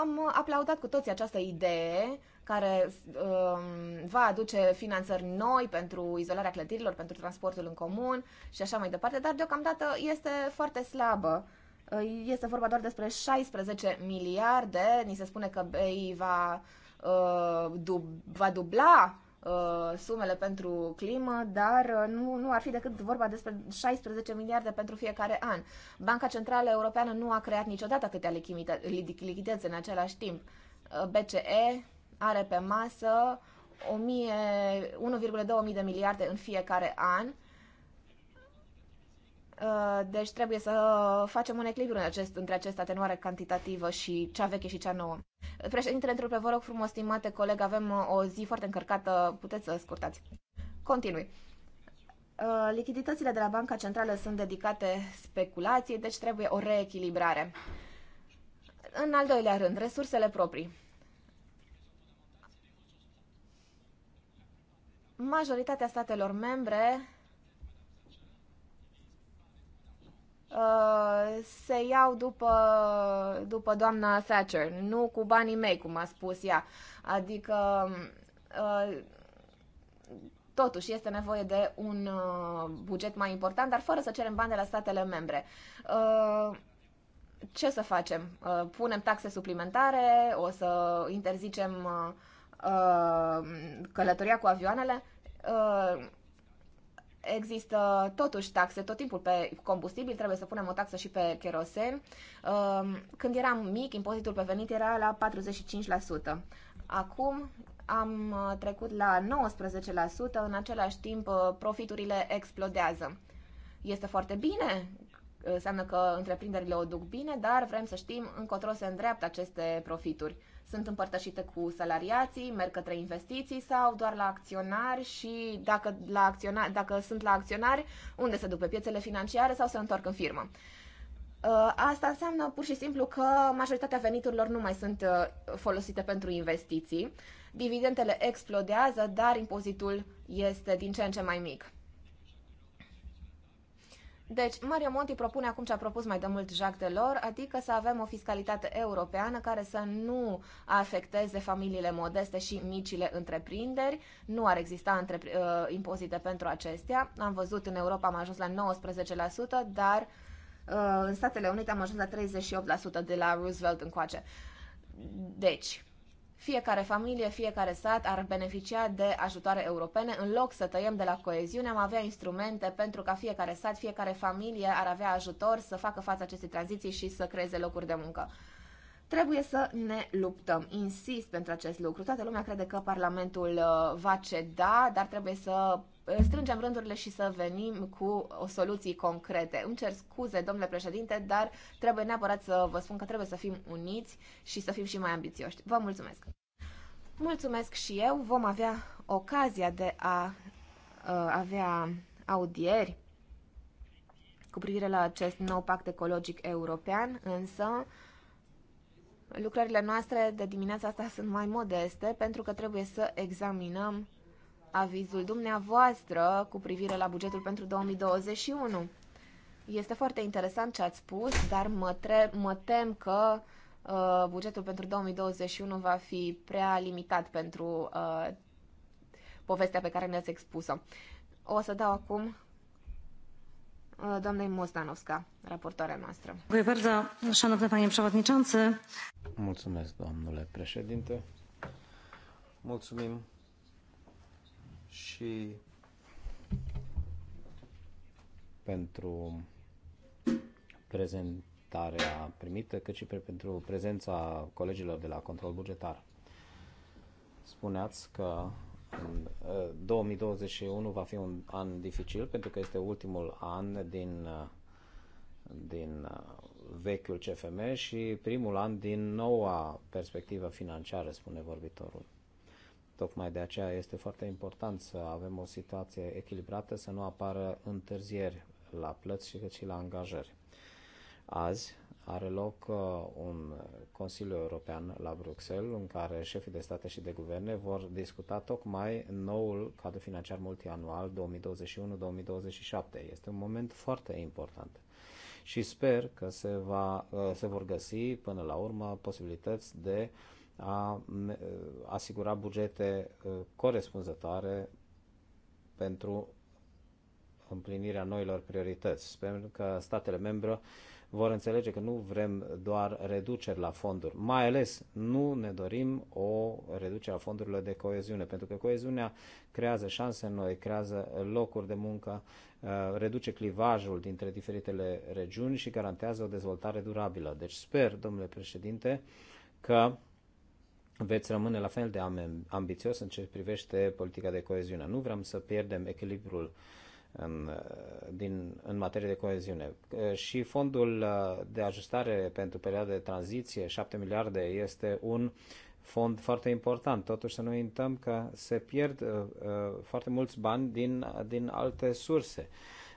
Am aplaudat cu toții această idee care um, va aduce finanțări noi pentru izolarea clădirilor, pentru transportul în comun și așa mai departe, dar deocamdată este foarte slabă. Uh, este vorba doar despre 16 miliarde. Ni se spune că BEI va, uh, dub, va dubla uh, sumele pentru climă, dar uh, nu, nu ar fi decât vorba despre 16 miliarde pentru fiecare an. Banca Centrală Europeană nu a creat niciodată câtea lichidități în același timp. Uh, BCE are pe masă 1,2 de miliarde în fiecare an. Uh, deci trebuie să facem un echilibru în acest, între această atenuare cantitativă și cea veche și cea nouă. Președintele întrerupe, vă rog frumos, stimate coleg, avem uh, o zi foarte încărcată, puteți să scurtați. Continui. Uh, lichiditățile de la Banca Centrală sunt dedicate speculației, deci trebuie o reechilibrare. În al doilea rând, resursele proprii. majoritatea statelor membre uh, se iau după, după doamna Thatcher, nu cu banii mei, cum a spus ea. Adică, uh, totuși, este nevoie de un uh, buget mai important, dar fără să cerem bani de la statele membre. Ce să facem? Punem taxe suplimentare? O să interzicem călătoria cu avioanele? Uh, există totuși taxe tot timpul pe combustibil, trebuie să punem o taxă și pe kerosen. Uh, când eram mic, impozitul pe venit era la 45%. Acum am uh, trecut la 19%, în același timp profiturile explodează. Este foarte bine, înseamnă că întreprinderile o duc bine, dar vrem să știm încotro se îndreaptă aceste profituri sunt împărtășite cu salariații, merg către investiții sau doar la acționari și dacă, la acționari, dacă sunt la acționari, unde se duc pe piețele financiare sau se întorc în firmă. Uh, asta înseamnă pur și simplu că majoritatea veniturilor nu mai sunt uh, folosite pentru investiții. Dividendele explodează, dar impozitul este din ce în ce mai mic. Deci, Mario Monti propune acum ce a propus mai de mult Jacques Delors, adică să avem o fiscalitate europeană care să nu afecteze familiile modeste și micile întreprinderi. Nu ar exista întrepr- uh, impozite pentru acestea. Am văzut în Europa am ajuns la 19%, dar uh, în Statele Unite am ajuns la 38% de la Roosevelt încoace. Deci, fiecare familie, fiecare sat ar beneficia de ajutoare europene. În loc să tăiem de la coeziune, am avea instrumente pentru ca fiecare sat, fiecare familie ar avea ajutor să facă față acestei tranziții și să creeze locuri de muncă. Trebuie să ne luptăm. Insist pentru acest lucru. Toată lumea crede că Parlamentul uh, va ceda, dar trebuie să strângem rândurile și să venim cu o soluții concrete. Îmi cer scuze, domnule președinte, dar trebuie neapărat să vă spun că trebuie să fim uniți și să fim și mai ambițioși. Vă mulțumesc! Mulțumesc și eu. Vom avea ocazia de a uh, avea audieri cu privire la acest nou pact ecologic european, însă lucrările noastre de dimineața asta sunt mai modeste pentru că trebuie să examinăm avizul dumneavoastră cu privire la bugetul pentru 2021. Este foarte interesant ce ați spus, dar mă, tre- mă tem că uh, bugetul pentru 2021 va fi prea limitat pentru uh, povestea pe care ne-ați expus-o. O să dau acum uh, doamnei Mozdanovska, raportoarea noastră. Mulțumesc, domnule președinte. Mulțumim și pentru prezentarea primită, cât și pentru prezența colegilor de la control bugetar. Spuneați că 2021 ă, va fi un an dificil pentru că este ultimul an din, ă, din ă, vechiul CFM și primul an din noua perspectivă financiară, spune vorbitorul. Tocmai de aceea este foarte important să avem o situație echilibrată, să nu apară întârzieri la plăți și cât și la angajări. Azi are loc uh, un Consiliu European la Bruxelles în care șefii de state și de guverne vor discuta tocmai noul cadru financiar multianual 2021-2027. Este un moment foarte important și sper că se, va, uh, se vor găsi până la urmă posibilități de uh, a asigura bugete uh, corespunzătoare pentru împlinirea noilor priorități. Sperăm că statele membre vor înțelege că nu vrem doar reduceri la fonduri. Mai ales nu ne dorim o reducere a fondurilor de coeziune, pentru că coeziunea creează șanse noi, creează locuri de muncă, uh, reduce clivajul dintre diferitele regiuni și garantează o dezvoltare durabilă. Deci sper, domnule președinte, că veți rămâne la fel de ambițios în ce privește politica de coeziune. Nu vrem să pierdem echilibrul în, um, din, în materie de coeziune. Și fondul uh, de ajustare pentru perioada de tranziție, 7 miliarde, este un fond foarte important. Totuși să nu uităm că se pierd uh, uh, foarte mulți bani din, din alte surse.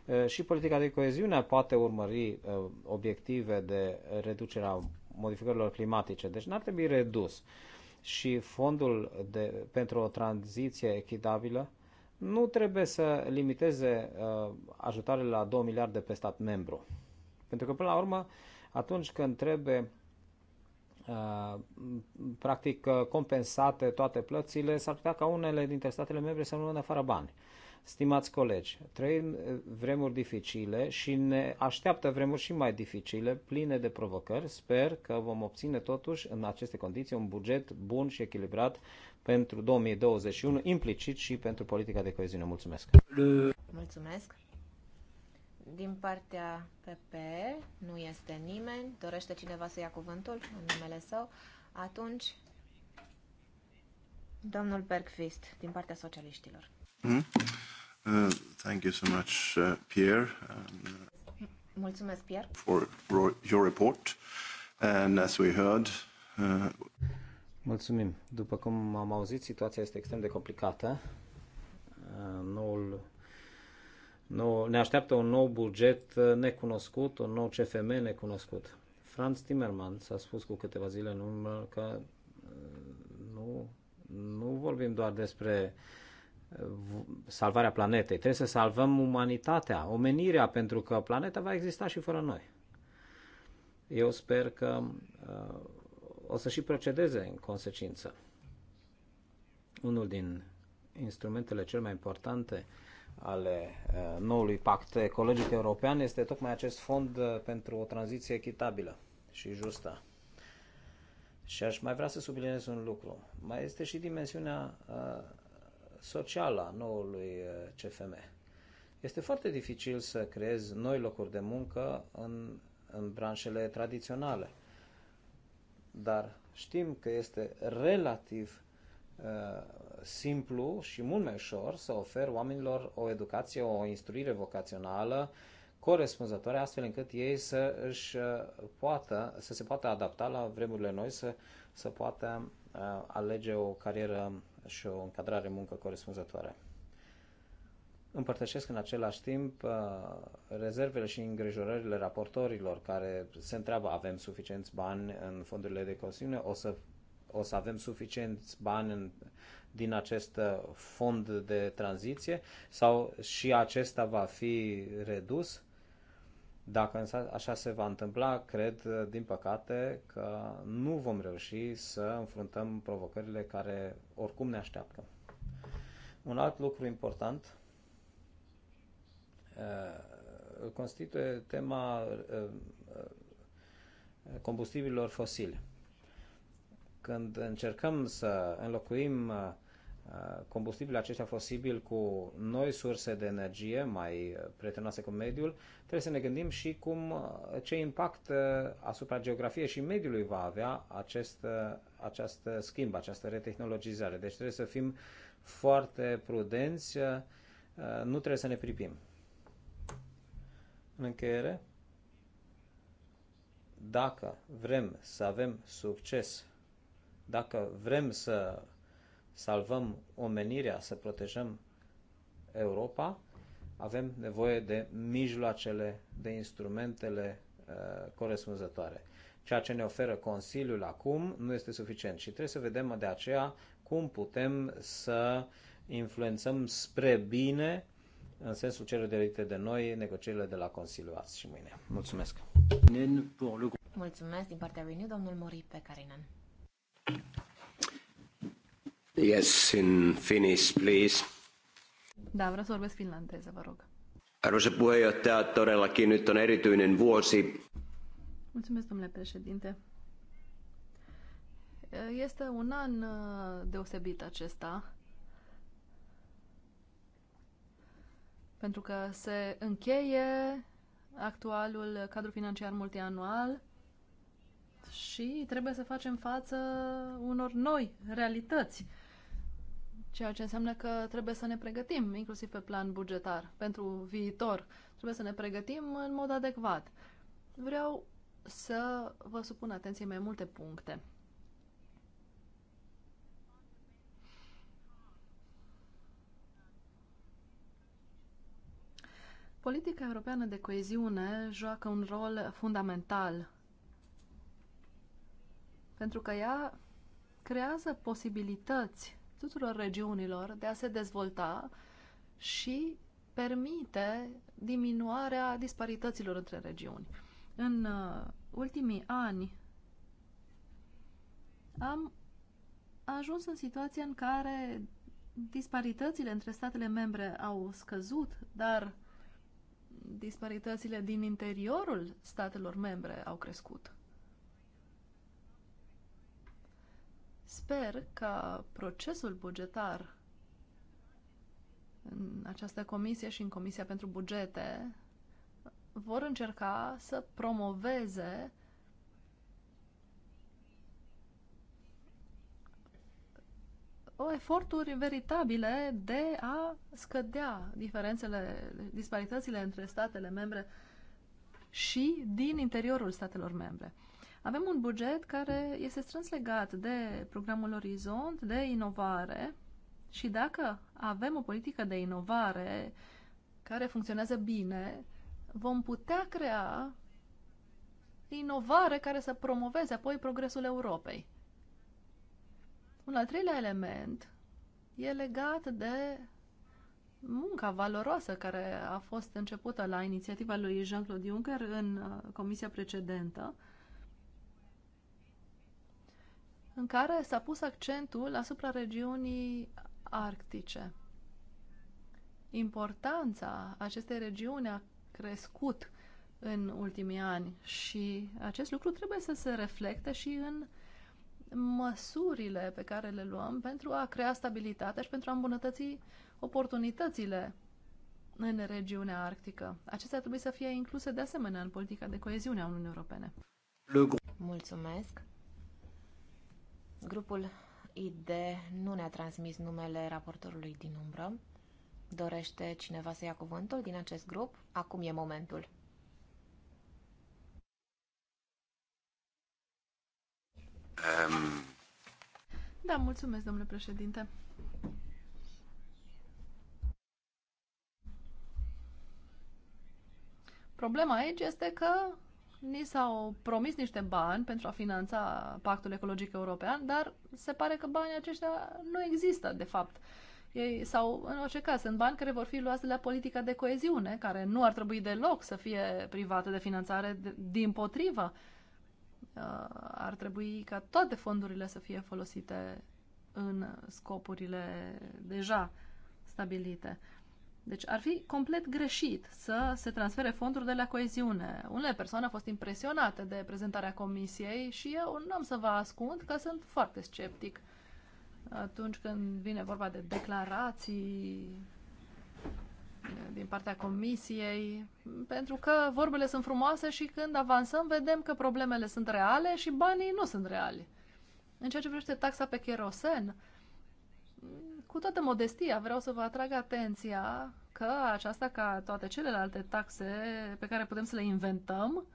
Uh, și politica de coeziune poate urmări uh, obiective de reducerea modificărilor climatice, deci n-ar trebui redus. Uh, și fondul de, pentru o tranziție echitabilă nu trebuie să limiteze uh, ajutarele la 2 miliarde pe stat membru. Pentru că, până la urmă, atunci când trebuie uh, practic uh, compensate toate plățile, s-ar putea ca unele dintre statele membre să rămână fără bani. Uh, Stimați colegi, trăim eh, vremuri dificile și ne așteaptă vremuri și mai dificile, pline de provocări. Sper că vom obține totuși în aceste condiții un buget bun și echilibrat pentru 2021, implicit și pentru politica de coeziune. Mulțumesc! Mulțumesc! Din partea PP nu este nimeni. Dorește cineva să ia cuvântul în numele său? Atunci, domnul Bergfist, din partea socialiștilor. Hmm? Uh, thank you so much, uh, Pierre. Uh, Mulțumesc, Pierre. For, your report. And as we heard, Mulțumim. După cum am auzit, situația este extrem de complicată. Noul, nou, ne așteaptă un nou buget necunoscut, un nou CFM necunoscut. Franz Timmermans a spus cu câteva zile în urmă că nu, nu vorbim doar despre uh, salvarea planetei. Trebuie să salvăm umanitatea, omenirea, pentru că planeta va exista și fără noi. Eu sper că uh, o să și procedeze în consecință. Unul din instrumentele cel mai importante ale uh, noului pact ecologic european este tocmai acest fond uh, pentru o tranziție echitabilă și justă. Și aș mai vrea să subliniez un lucru. Mai este și dimensiunea uh, socială a noului uh, CFM. Este foarte dificil să creezi noi locuri de muncă în, în branșele tradiționale, dar știm că este relativ uh, simplu și mult mai ușor să oferi oamenilor o educație, o instruire vocațională corespunzătoare, astfel încât ei să își uh, poată, să se poată adapta la vremurile noi, să, să poată uh, alege o carieră și o încadrare muncă corespunzătoare. Împărtășesc în același timp uh, rezervele și îngrijorările raportorilor care se întreabă avem suficienți bani în fondurile de coesiune, o să, o să avem suficienți bani în, din acest uh, fond de tranziție sau și acesta va fi redus dacă așa se va întâmpla, cred, din păcate, că nu vom reuși să înfruntăm provocările care oricum ne așteaptă. Un alt lucru important îl constituie tema combustibililor fosile. Când încercăm să înlocuim Uh, Combustibilul acesta fosibil cu noi surse de energie mai uh, prietenoase cu mediul, trebuie să ne gândim și cum, uh, ce impact asupra geografiei și mediului va avea acest, această schimb, această retehnologizare. Deci trebuie să fim foarte prudenți, nu trebuie să ne pripim. În încheiere, dacă vrem să avem succes, dacă vrem să salvăm omenirea, să protejăm Europa, avem nevoie de mijloacele, de instrumentele uh, corespunzătoare. Ceea ce ne oferă Consiliul acum nu este suficient și trebuie să vedem de aceea cum putem să influențăm spre bine în sensul celor directe de noi negocierile de la Consiliu azi și mâine. Mulțumesc! Mulțumesc din partea lui domnul Mori Pecarinen. Yes, in Finnish, please. Da, vreau să vorbesc finlandeză, vă rog. Arvoisa puheenjohtaja, todellakin nyt on erityinen vuosi. Mulțumesc, domnule președinte. Este un an uh, deosebit acesta, pentru că se încheie actualul cadru financiar multianual și trebuie să facem față unor noi realități Ceea ce înseamnă că trebuie să ne pregătim, inclusiv pe plan bugetar, pentru viitor. Trebuie să ne pregătim în mod adecvat. Vreau să vă supun atenție mai multe puncte. Politica europeană de coeziune joacă un rol fundamental pentru că ea creează posibilități tuturor regiunilor de a se dezvolta și permite diminuarea disparităților între regiuni. În uh, ultimii ani am ajuns în situația în care disparitățile între statele membre au scăzut, dar disparitățile din interiorul statelor membre au crescut. Sper ca procesul bugetar în această comisie și în Comisia pentru Bugete vor încerca să promoveze o eforturi veritabile de a scădea diferențele, disparitățile între statele membre și din interiorul statelor membre. Avem un buget care este strâns legat de programul Orizont, de inovare și dacă avem o politică de inovare care funcționează bine, vom putea crea inovare care să promoveze apoi progresul Europei. Un al treilea element e legat de munca valoroasă care a fost începută la inițiativa lui Jean-Claude Juncker în uh, comisia precedentă în care s-a pus accentul asupra regiunii arctice. Importanța acestei regiuni a crescut în ultimii ani și acest lucru trebuie să se reflecte și în măsurile pe care le luăm pentru a crea stabilitate și pentru a îmbunătăți oportunitățile în regiunea arctică. Acestea trebuie să fie incluse de asemenea în politica de coeziune a Uniunii Europene. Mulțumesc! Grupul ID nu ne-a transmis numele raportorului din umbră. Dorește cineva să ia cuvântul din acest grup? Acum e momentul. Um. Da, mulțumesc, domnule președinte. Problema aici este că ni s-au promis niște bani pentru a finanța Pactul Ecologic European, dar se pare că banii aceștia nu există, de fapt. Ei, sau, în orice caz, sunt bani care vor fi luați de la politica de coeziune, care nu ar trebui deloc să fie privată de finanțare, din potrivă. Uh, ar trebui ca toate fondurile să fie folosite în scopurile deja stabilite. Deci ar fi complet greșit să se transfere fonduri de la coeziune. Unele persoane au fost impresionate de prezentarea comisiei și eu nu am să vă ascund că sunt foarte sceptic atunci când vine vorba de declarații din partea comisiei, pentru că vorbele sunt frumoase și când avansăm vedem că problemele sunt reale și banii nu sunt reali. În ceea ce privește taxa pe cherosen, cu toată modestia vreau să vă atrag atenția că aceasta, ca toate celelalte taxe pe care putem să le inventăm,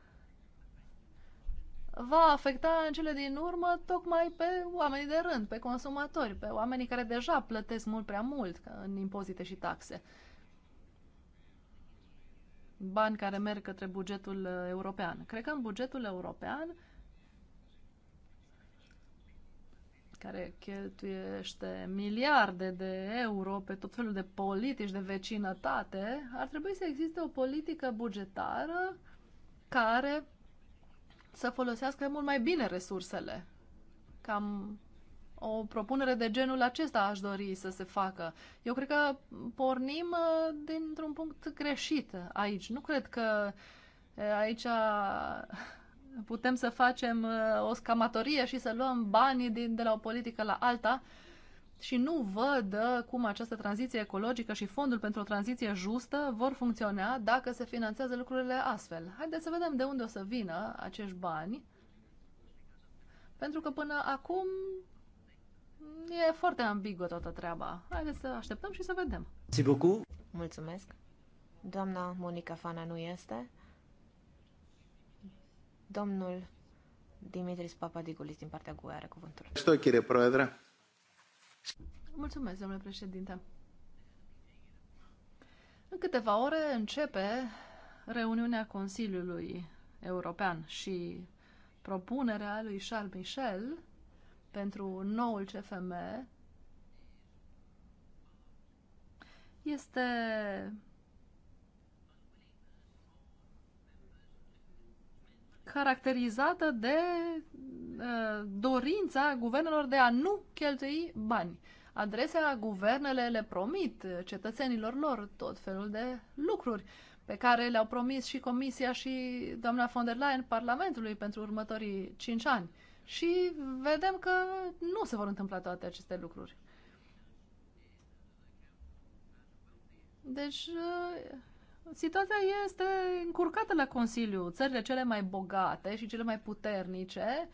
va afecta în cele din urmă tocmai pe oamenii de rând, pe consumatori, pe oamenii care deja plătesc mult prea mult în impozite și taxe. Bani care merg către bugetul european. Cred că în bugetul european care cheltuiește miliarde de euro pe tot felul de politici de vecinătate, ar trebui să existe o politică bugetară care să folosească mult mai bine resursele. Cam o propunere de genul acesta aș dori să se facă. Eu cred că pornim uh, dintr-un punct greșit aici. Nu cred că uh, aici putem să facem uh, o scamatorie și să luăm banii din, de la o politică la alta și nu văd uh, cum această tranziție ecologică și fondul pentru o tranziție justă vor funcționa dacă se finanțează lucrurile astfel. Haideți să vedem de unde o să vină acești bani, pentru că până acum e foarte ambiguă toată treaba. Haideți să așteptăm și să vedem. Mulțumesc! Doamna Monica Fana nu este. Domnul Dimitris Papadigulis din partea GUE are cuvântul. Stochire, proedre. Mulțumesc, domnule președinte. În câteva ore începe reuniunea Consiliului European și propunerea lui Charles Michel pentru noul CFM este caracterizată de uh, dorința guvernelor de a nu cheltui bani. Adresea guvernele le promit cetățenilor lor tot felul de lucruri pe care le-au promis și Comisia și doamna von der Leyen Parlamentului pentru următorii 5 ani. Și vedem că nu se vor întâmpla toate aceste lucruri. Deci, uh, situația este încurcată la Consiliu. Țările cele mai bogate și cele mai puternice,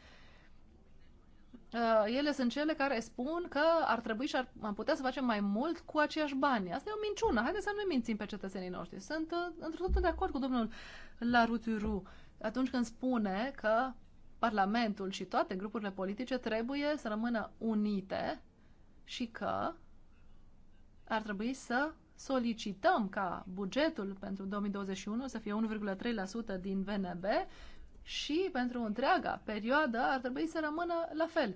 uh, ele sunt cele care spun că ar trebui și ar putea să facem mai mult cu aceiași bani. Asta e o minciună. Haideți să nu mințim pe cetățenii noștri. Sunt uh, într totul de acord cu domnul Laruturu atunci când spune că Parlamentul și toate grupurile politice trebuie să rămână unite și că ar trebui să solicităm ca bugetul pentru 2021 să fie 1,3% din VNB și pentru întreaga perioadă ar trebui să rămână la fel.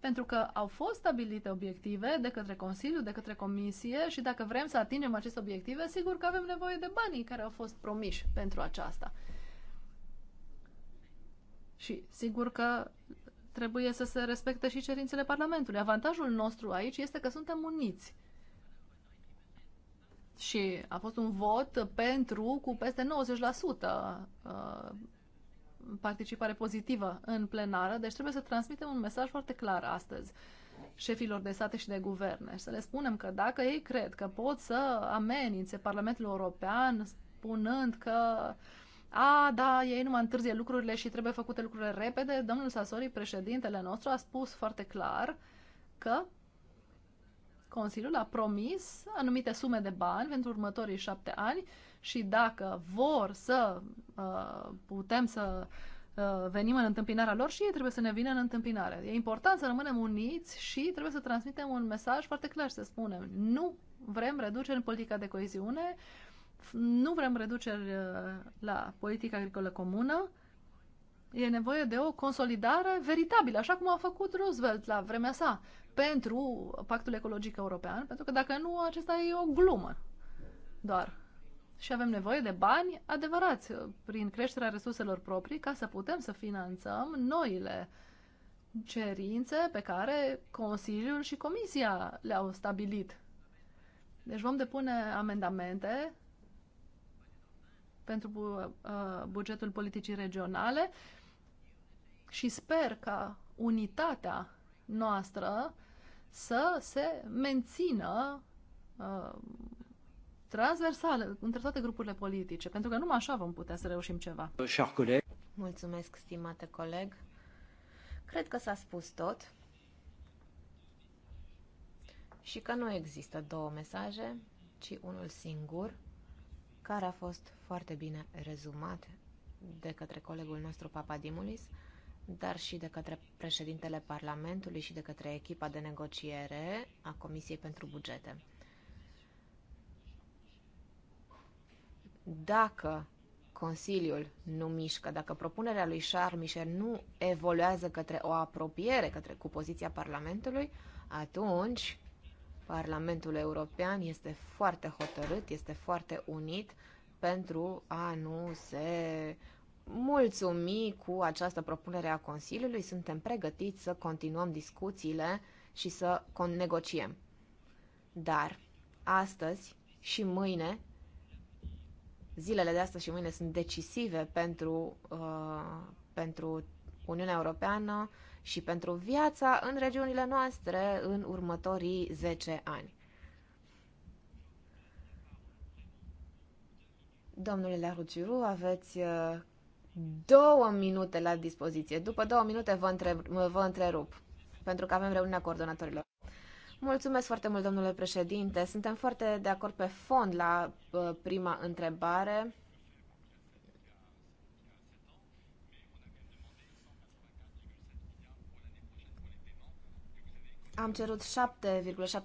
Pentru că au fost stabilite obiective de către Consiliu, de către Comisie și dacă vrem să atingem aceste obiective, sigur că avem nevoie de banii care au fost promiși pentru aceasta. Și sigur că trebuie să se respecte și cerințele Parlamentului. Avantajul nostru aici este că suntem uniți și a fost un vot pentru cu peste 90% uh, participare pozitivă în plenară, deci trebuie să transmitem un mesaj foarte clar astăzi șefilor de state și de guverne să le spunem că dacă ei cred că pot să amenințe Parlamentul European spunând că a, da, ei numai întârzie lucrurile și trebuie făcute lucrurile repede, domnul Sasori, președintele nostru, a spus foarte clar că Consiliul a promis anumite sume de bani pentru următorii șapte ani și dacă vor să uh, putem să uh, venim în întâmpinarea lor și ei trebuie să ne vină în întâmpinare. E important să rămânem uniți și trebuie să transmitem un mesaj foarte clar, să spunem. Nu vrem reduceri în politica de coeziune, nu vrem reduceri uh, la politica agricolă comună, e nevoie de o consolidare veritabilă, așa cum a făcut Roosevelt la vremea sa pentru Pactul Ecologic European, pentru că dacă nu, acesta e o glumă doar. Și avem nevoie de bani adevărați prin creșterea resurselor proprii ca să putem să finanțăm noile cerințe pe care Consiliul și Comisia le-au stabilit. Deci vom depune amendamente pentru uh, bugetul politicii regionale și sper ca unitatea noastră să se mențină uh, transversală între toate grupurile politice, pentru că numai așa vom putea să reușim ceva. coleg. Mulțumesc, stimate coleg. Cred că s-a spus tot și că nu există două mesaje, ci unul singur, care a fost foarte bine rezumat de către colegul nostru Papadimulis. Dimulis dar și de către președintele Parlamentului și de către echipa de negociere a Comisiei pentru Bugete. Dacă Consiliul nu mișcă, dacă propunerea lui Charles Michel nu evoluează către o apropiere către, cu poziția Parlamentului, atunci Parlamentul European este foarte hotărât, este foarte unit pentru a nu se mulțumi cu această propunere a Consiliului, suntem pregătiți să continuăm discuțiile și să negociem. Dar astăzi și mâine, zilele de astăzi și mâine sunt decisive pentru, uh, pentru Uniunea Europeană și pentru viața în regiunile noastre în următorii 10 ani. Domnule Laruciru, aveți uh, două minute la dispoziție. După două minute vă, întreb, vă întrerup, pentru că avem reuniunea coordonatorilor. Mulțumesc foarte mult, domnule președinte. Suntem foarte de acord pe fond la uh, prima întrebare. Am cerut 7,7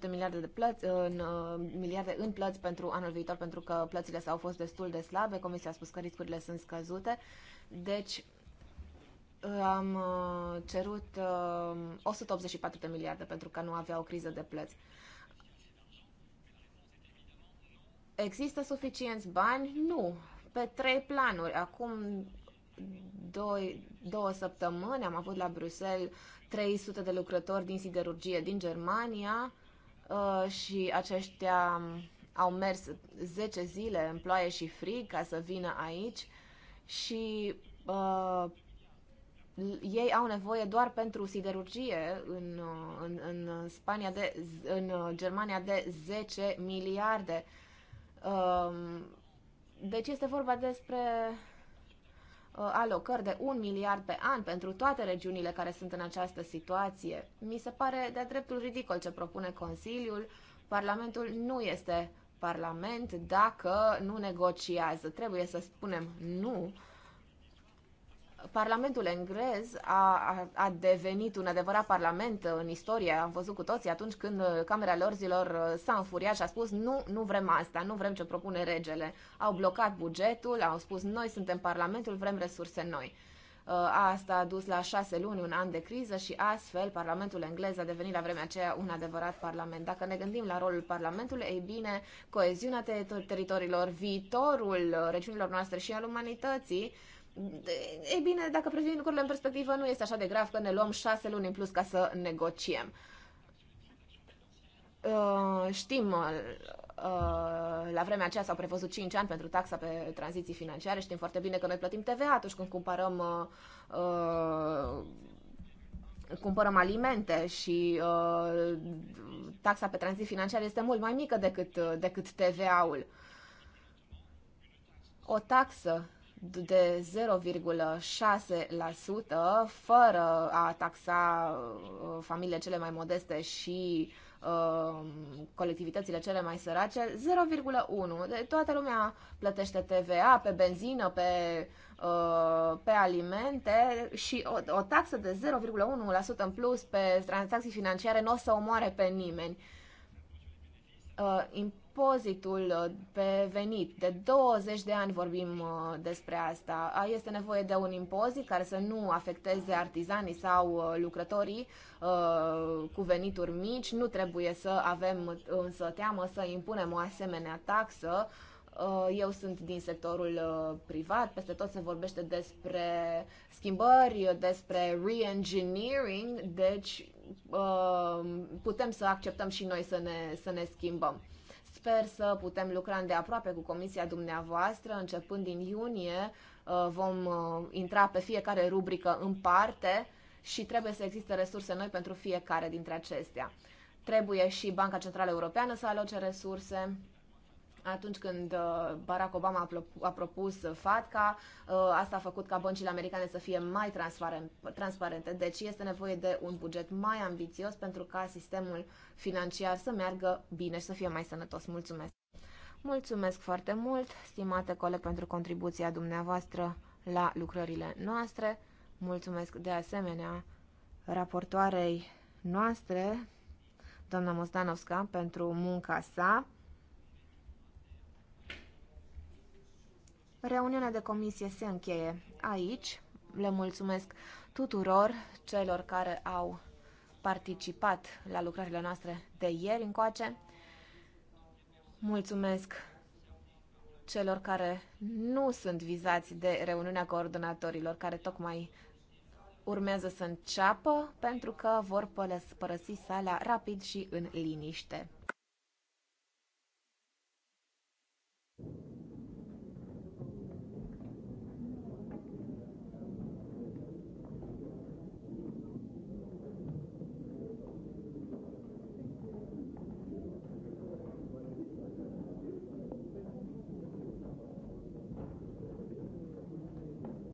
miliarde de plăți în, uh, miliarde în plăți pentru anul viitor pentru că plățile s-au fost destul de slabe. Comisia a spus că riscurile sunt scăzute. Deci uh, am uh, cerut 184 de miliarde pentru că nu avea o criză de plăți. Există suficienți bani? Nu. Pe trei planuri. Acum doi, două săptămâni am avut la Bruxelles 300 de lucrători din siderurgie din Germania uh, și aceștia au mers 10 zile în ploaie și frig ca să vină aici și uh, ei au nevoie doar pentru siderurgie în, uh, în, în Spania de, în uh, Germania de 10 miliarde. Uh, deci este vorba despre Uh, alocări de un miliard pe an pentru toate regiunile care sunt în această situație. Mi se pare de-a dreptul ridicol ce propune Consiliul. Parlamentul nu este Parlament dacă nu negociază. Trebuie să spunem nu Parlamentul englez a, a, devenit un adevărat parlament în istorie. Am văzut cu toții atunci când uh, Camera Lorzilor uh, s-a înfuriat și a spus nu, nu vrem asta, nu vrem ce propune regele. Au blocat bugetul, au spus noi suntem Parlamentul, vrem resurse noi. Uh, asta a dus la șase luni, un an de criză și astfel Parlamentul englez a devenit la vremea aceea un adevărat parlament. Dacă ne gândim la rolul Parlamentului, ei bine, coeziunea teritoriilor, viitorul regiunilor noastre și al umanității, ei bine, dacă privim lucrurile în perspectivă, nu este așa de grav că ne luăm șase luni în plus ca să negociem. Uh, știm, uh, uh, la vremea aceea s-au prevăzut 5 ani pentru taxa pe tranziții financiare. Știm foarte bine că noi plătim TVA atunci când cumpărăm cumpărăm alimente și uh, taxa pe tranzit financiare este mult mai mică decât, decât TVA-ul. O taxă de 0,6% fără a taxa uh, familiile cele mai modeste și uh, colectivitățile cele mai sărace, 0,1%. De toată lumea plătește TVA pe benzină, pe, uh, pe alimente și o, o taxă de 0,1% în plus pe tranzacții financiare nu o să omoare pe nimeni. Uh, impozitul uh, pe venit. De 20 de ani vorbim uh, despre asta. Este nevoie de un impozit care să nu afecteze artizanii sau uh, lucrătorii cu venituri mici. Nu trebuie să avem însă teamă să impunem o asemenea taxă. Eu sunt din sectorul privat, peste tot se vorbește despre schimbări, despre re-engineering, deci putem să acceptăm și noi să ne, să ne schimbăm. Sper să putem lucra îndeaproape cu comisia dumneavoastră. Începând din iunie uh, vom uh, intra pe fiecare rubrică în parte și trebuie să existe resurse noi pentru fiecare dintre acestea. Trebuie și Banca Centrală Europeană să aloce resurse atunci când uh, Barack Obama a propus FATCA, uh, asta a făcut ca băncile americane să fie mai transparente. Deci este nevoie de un buget mai ambițios pentru ca sistemul financiar să meargă bine și să fie mai sănătos. Mulțumesc! Mulțumesc foarte mult, stimate coleg, pentru contribuția dumneavoastră la lucrările noastre. Mulțumesc de asemenea raportoarei noastre, doamna Mostanovska, pentru munca sa. Reuniunea de comisie se încheie aici. Le mulțumesc tuturor celor care au participat la lucrările noastre de ieri încoace. Mulțumesc celor care nu sunt vizați de reuniunea coordonatorilor, care tocmai urmează să înceapă, pentru că vor părăsi sala rapid și în liniște.